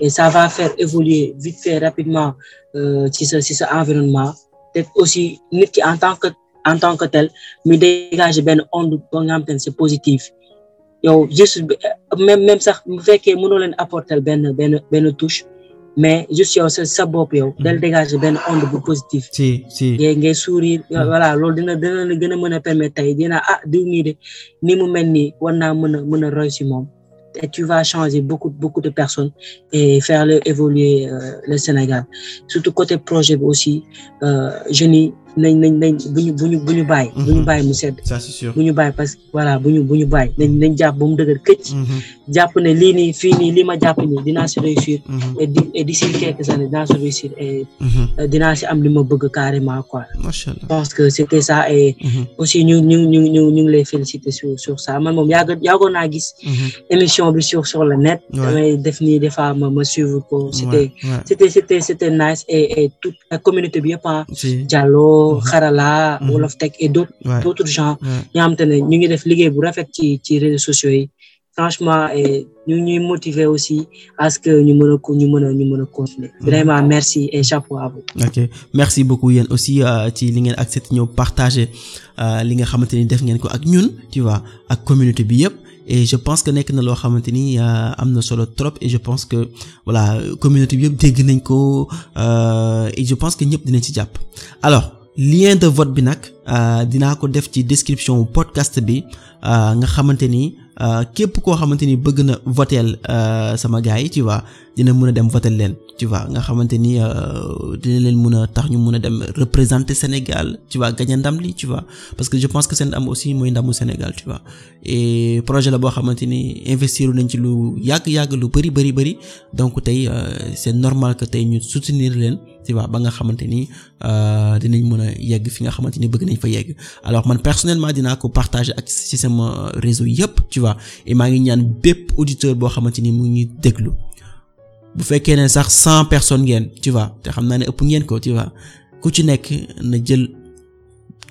et ça va faire évoluer vite fait rapidement euh, ci sa ci sa environnement te aussi nit ki en tant que en tant que tel muy dégager benn onde ba nga xam te ne c'est positif yow juste euh, même sax bu fekkee mënoo leen apporter benn benn benn touche mais juste yow sa sa bopp yow. Mm-hmm. dal dégager benn onde bu positif. si si ngay sourire. Mm-hmm. voilà loolu dina dina la gën a mën a permettre tey dina ah di mii de ni mu mel nii war naa mën a mën a roy moom. et tu vas changer beaucoup beaucoup de personnes et faire le évoluer euh, le Sénégal surtout côté projet bi aussi euh, nañ nañ nañ buñu buñu bu ñu mhm. bàyyi mu sedd ça c'est sûr bu ñu bàyyi parce nañ nañ jàpp ba mu dëgër këcc mhm. jàpp ne lii nii fii nii ma jàpp nii dinaa si réussir mhm. et di et d'ici quelques années dinaa si réussir et euh, dinaa si am li ma bëgg carrément quoi macha allah parce que c'était ça et aussi ñu ñu ñu ñu ñu ngi lay féliciter sur nice et et communauté bi yëpp Mm-hmm. xarala mm-hmm. wolof tech et d'autres d'autres gens ñoo xam te ne ñu ngi def liggéey bu rafet ci ci réseaux sociaux yi franchement ñu ñuy motiver aussi à ce que ñu mën a ñu mën a ñu mën a continuer mm-hmm. vraiment merci et chapeau à vous. ok merci beaucoup yéen aussi euh, ci li ngeen accepté ñëw partager euh, li nga xamante ni def ngeen ko ak ñun tu vois ak communauté bi yëpp. et je pense que nekk na loo xamante ni euh, am na solo trop et je pense que voilà communauté bi yëpp dégg nañ ko et je pense que ñëpp dinañ ci jàpp alors. lien de vote bi nag euh, dinaa ko def ci description podcast bi euh, nga xamante ni euh, képp koo xamante ni bëgg na voteel sama gars yi tu vois dina mun a dem voteel leen tu vois nga xamante ni dina leen mun a tax ñu mun a dem représenter Sénégal tu vois gagner ndam li tu vois parce que je pense que seen am aussi mooy ndamu Sénégal tu vois et projet la boo xamante ni investir nañ ci lu yàgg-yàgg lu bari bari bari donc tey c'est normal que tey ñu soutenir leen tu ba nga xamante ni euh, dinañ mën a yegg fi nga xamante ni bëgg nañ fa yegg alors man personnellement dinaa ko partager ak ci sama réseau yëpp tu vois maa ngi ñaan bépp auditeur boo xamante ni mu ngi déglu bu fekkee ne sax cent personnes ngeen tu vois te xam naa ne ëpp ngeen ko tu vois ku ci nekk na jël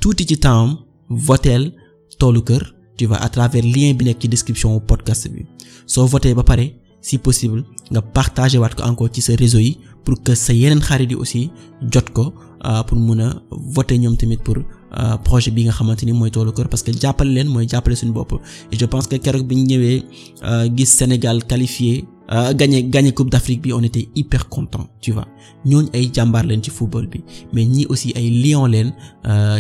tuuti ci temps voteel toolu kër tu vois travers lien bi nekk ci description podcast bi soo voté ba pare si possible nga partagé waat ko encore ci sa réseau yi pour que sa yeneen xarit yi aussi jot ko euh, pour mun a voter ñoom tamit pour euh, projet bi nga xamante ni mooy toolu kër parce que jàppale leen mooy jàppale suñu bopp je pense que keroog bi ñu ñëwee euh, gis Sénégal qualifié gagné gagné coupe d'Afrique bi on était hyper content tu vois ñooñu ay jàmbaar leen ci football bi mais ñii aussi ay lion leen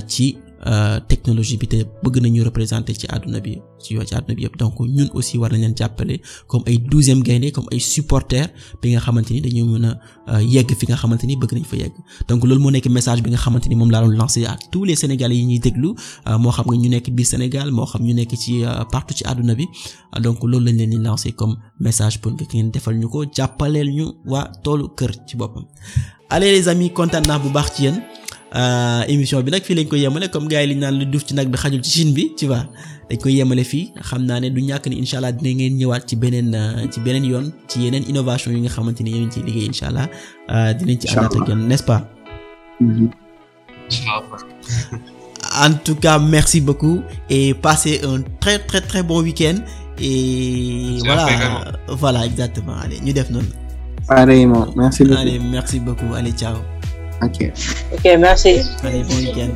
ci Euh, technologie bi te bëgg nañu représenter ci àdduna bi ci yoo ci àdduna bi yëpp donc ñun aussi war nañ leen jàppale comme ay douzième gaynde comme ay supporters bi nga xamante ni dañu mën a euh, yegg fi nga xamante ni bëgg nañ fa yegg donc loolu moo nekk message bi nga xamante ni moom laa doon lancer à tous les Sénégalais yi ñuy déglu euh, moo xam nga ñu moo xam ñu nekk partout ci àdduna bi donc loolu lañ leen di lancer comme message pour nga ngeen defal ñu ko jàppaleel ñu waa toolu kër ci boppam allez les amis kontaan naa bu baax ci yéen Euh, émission bi nag fii lañ ko yemale comme gars yi liñ naan lu duuf ci nag bi xajul ci Chine bi tu vois dañ koy yemale fii xam naa ne du ñàkk ni incha allah dina ngeen ñëwaat ci beneen euh, ci beneen yoon ci yeneen innovation yi nga xamante ni yéen ciy liggéey incha allah euh, dinañ ci àndaat ak yéen n'est-ce pas en tout cas merci beaucoup ñu def noonu pareillement merci beaucoup allez merci beaucoup allez ciao Thank you. Okay, merci. Allez, bon week-end.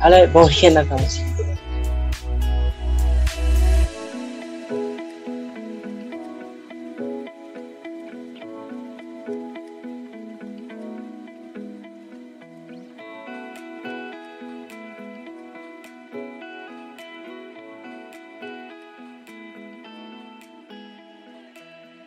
Allez, bon week-end à toi aussi.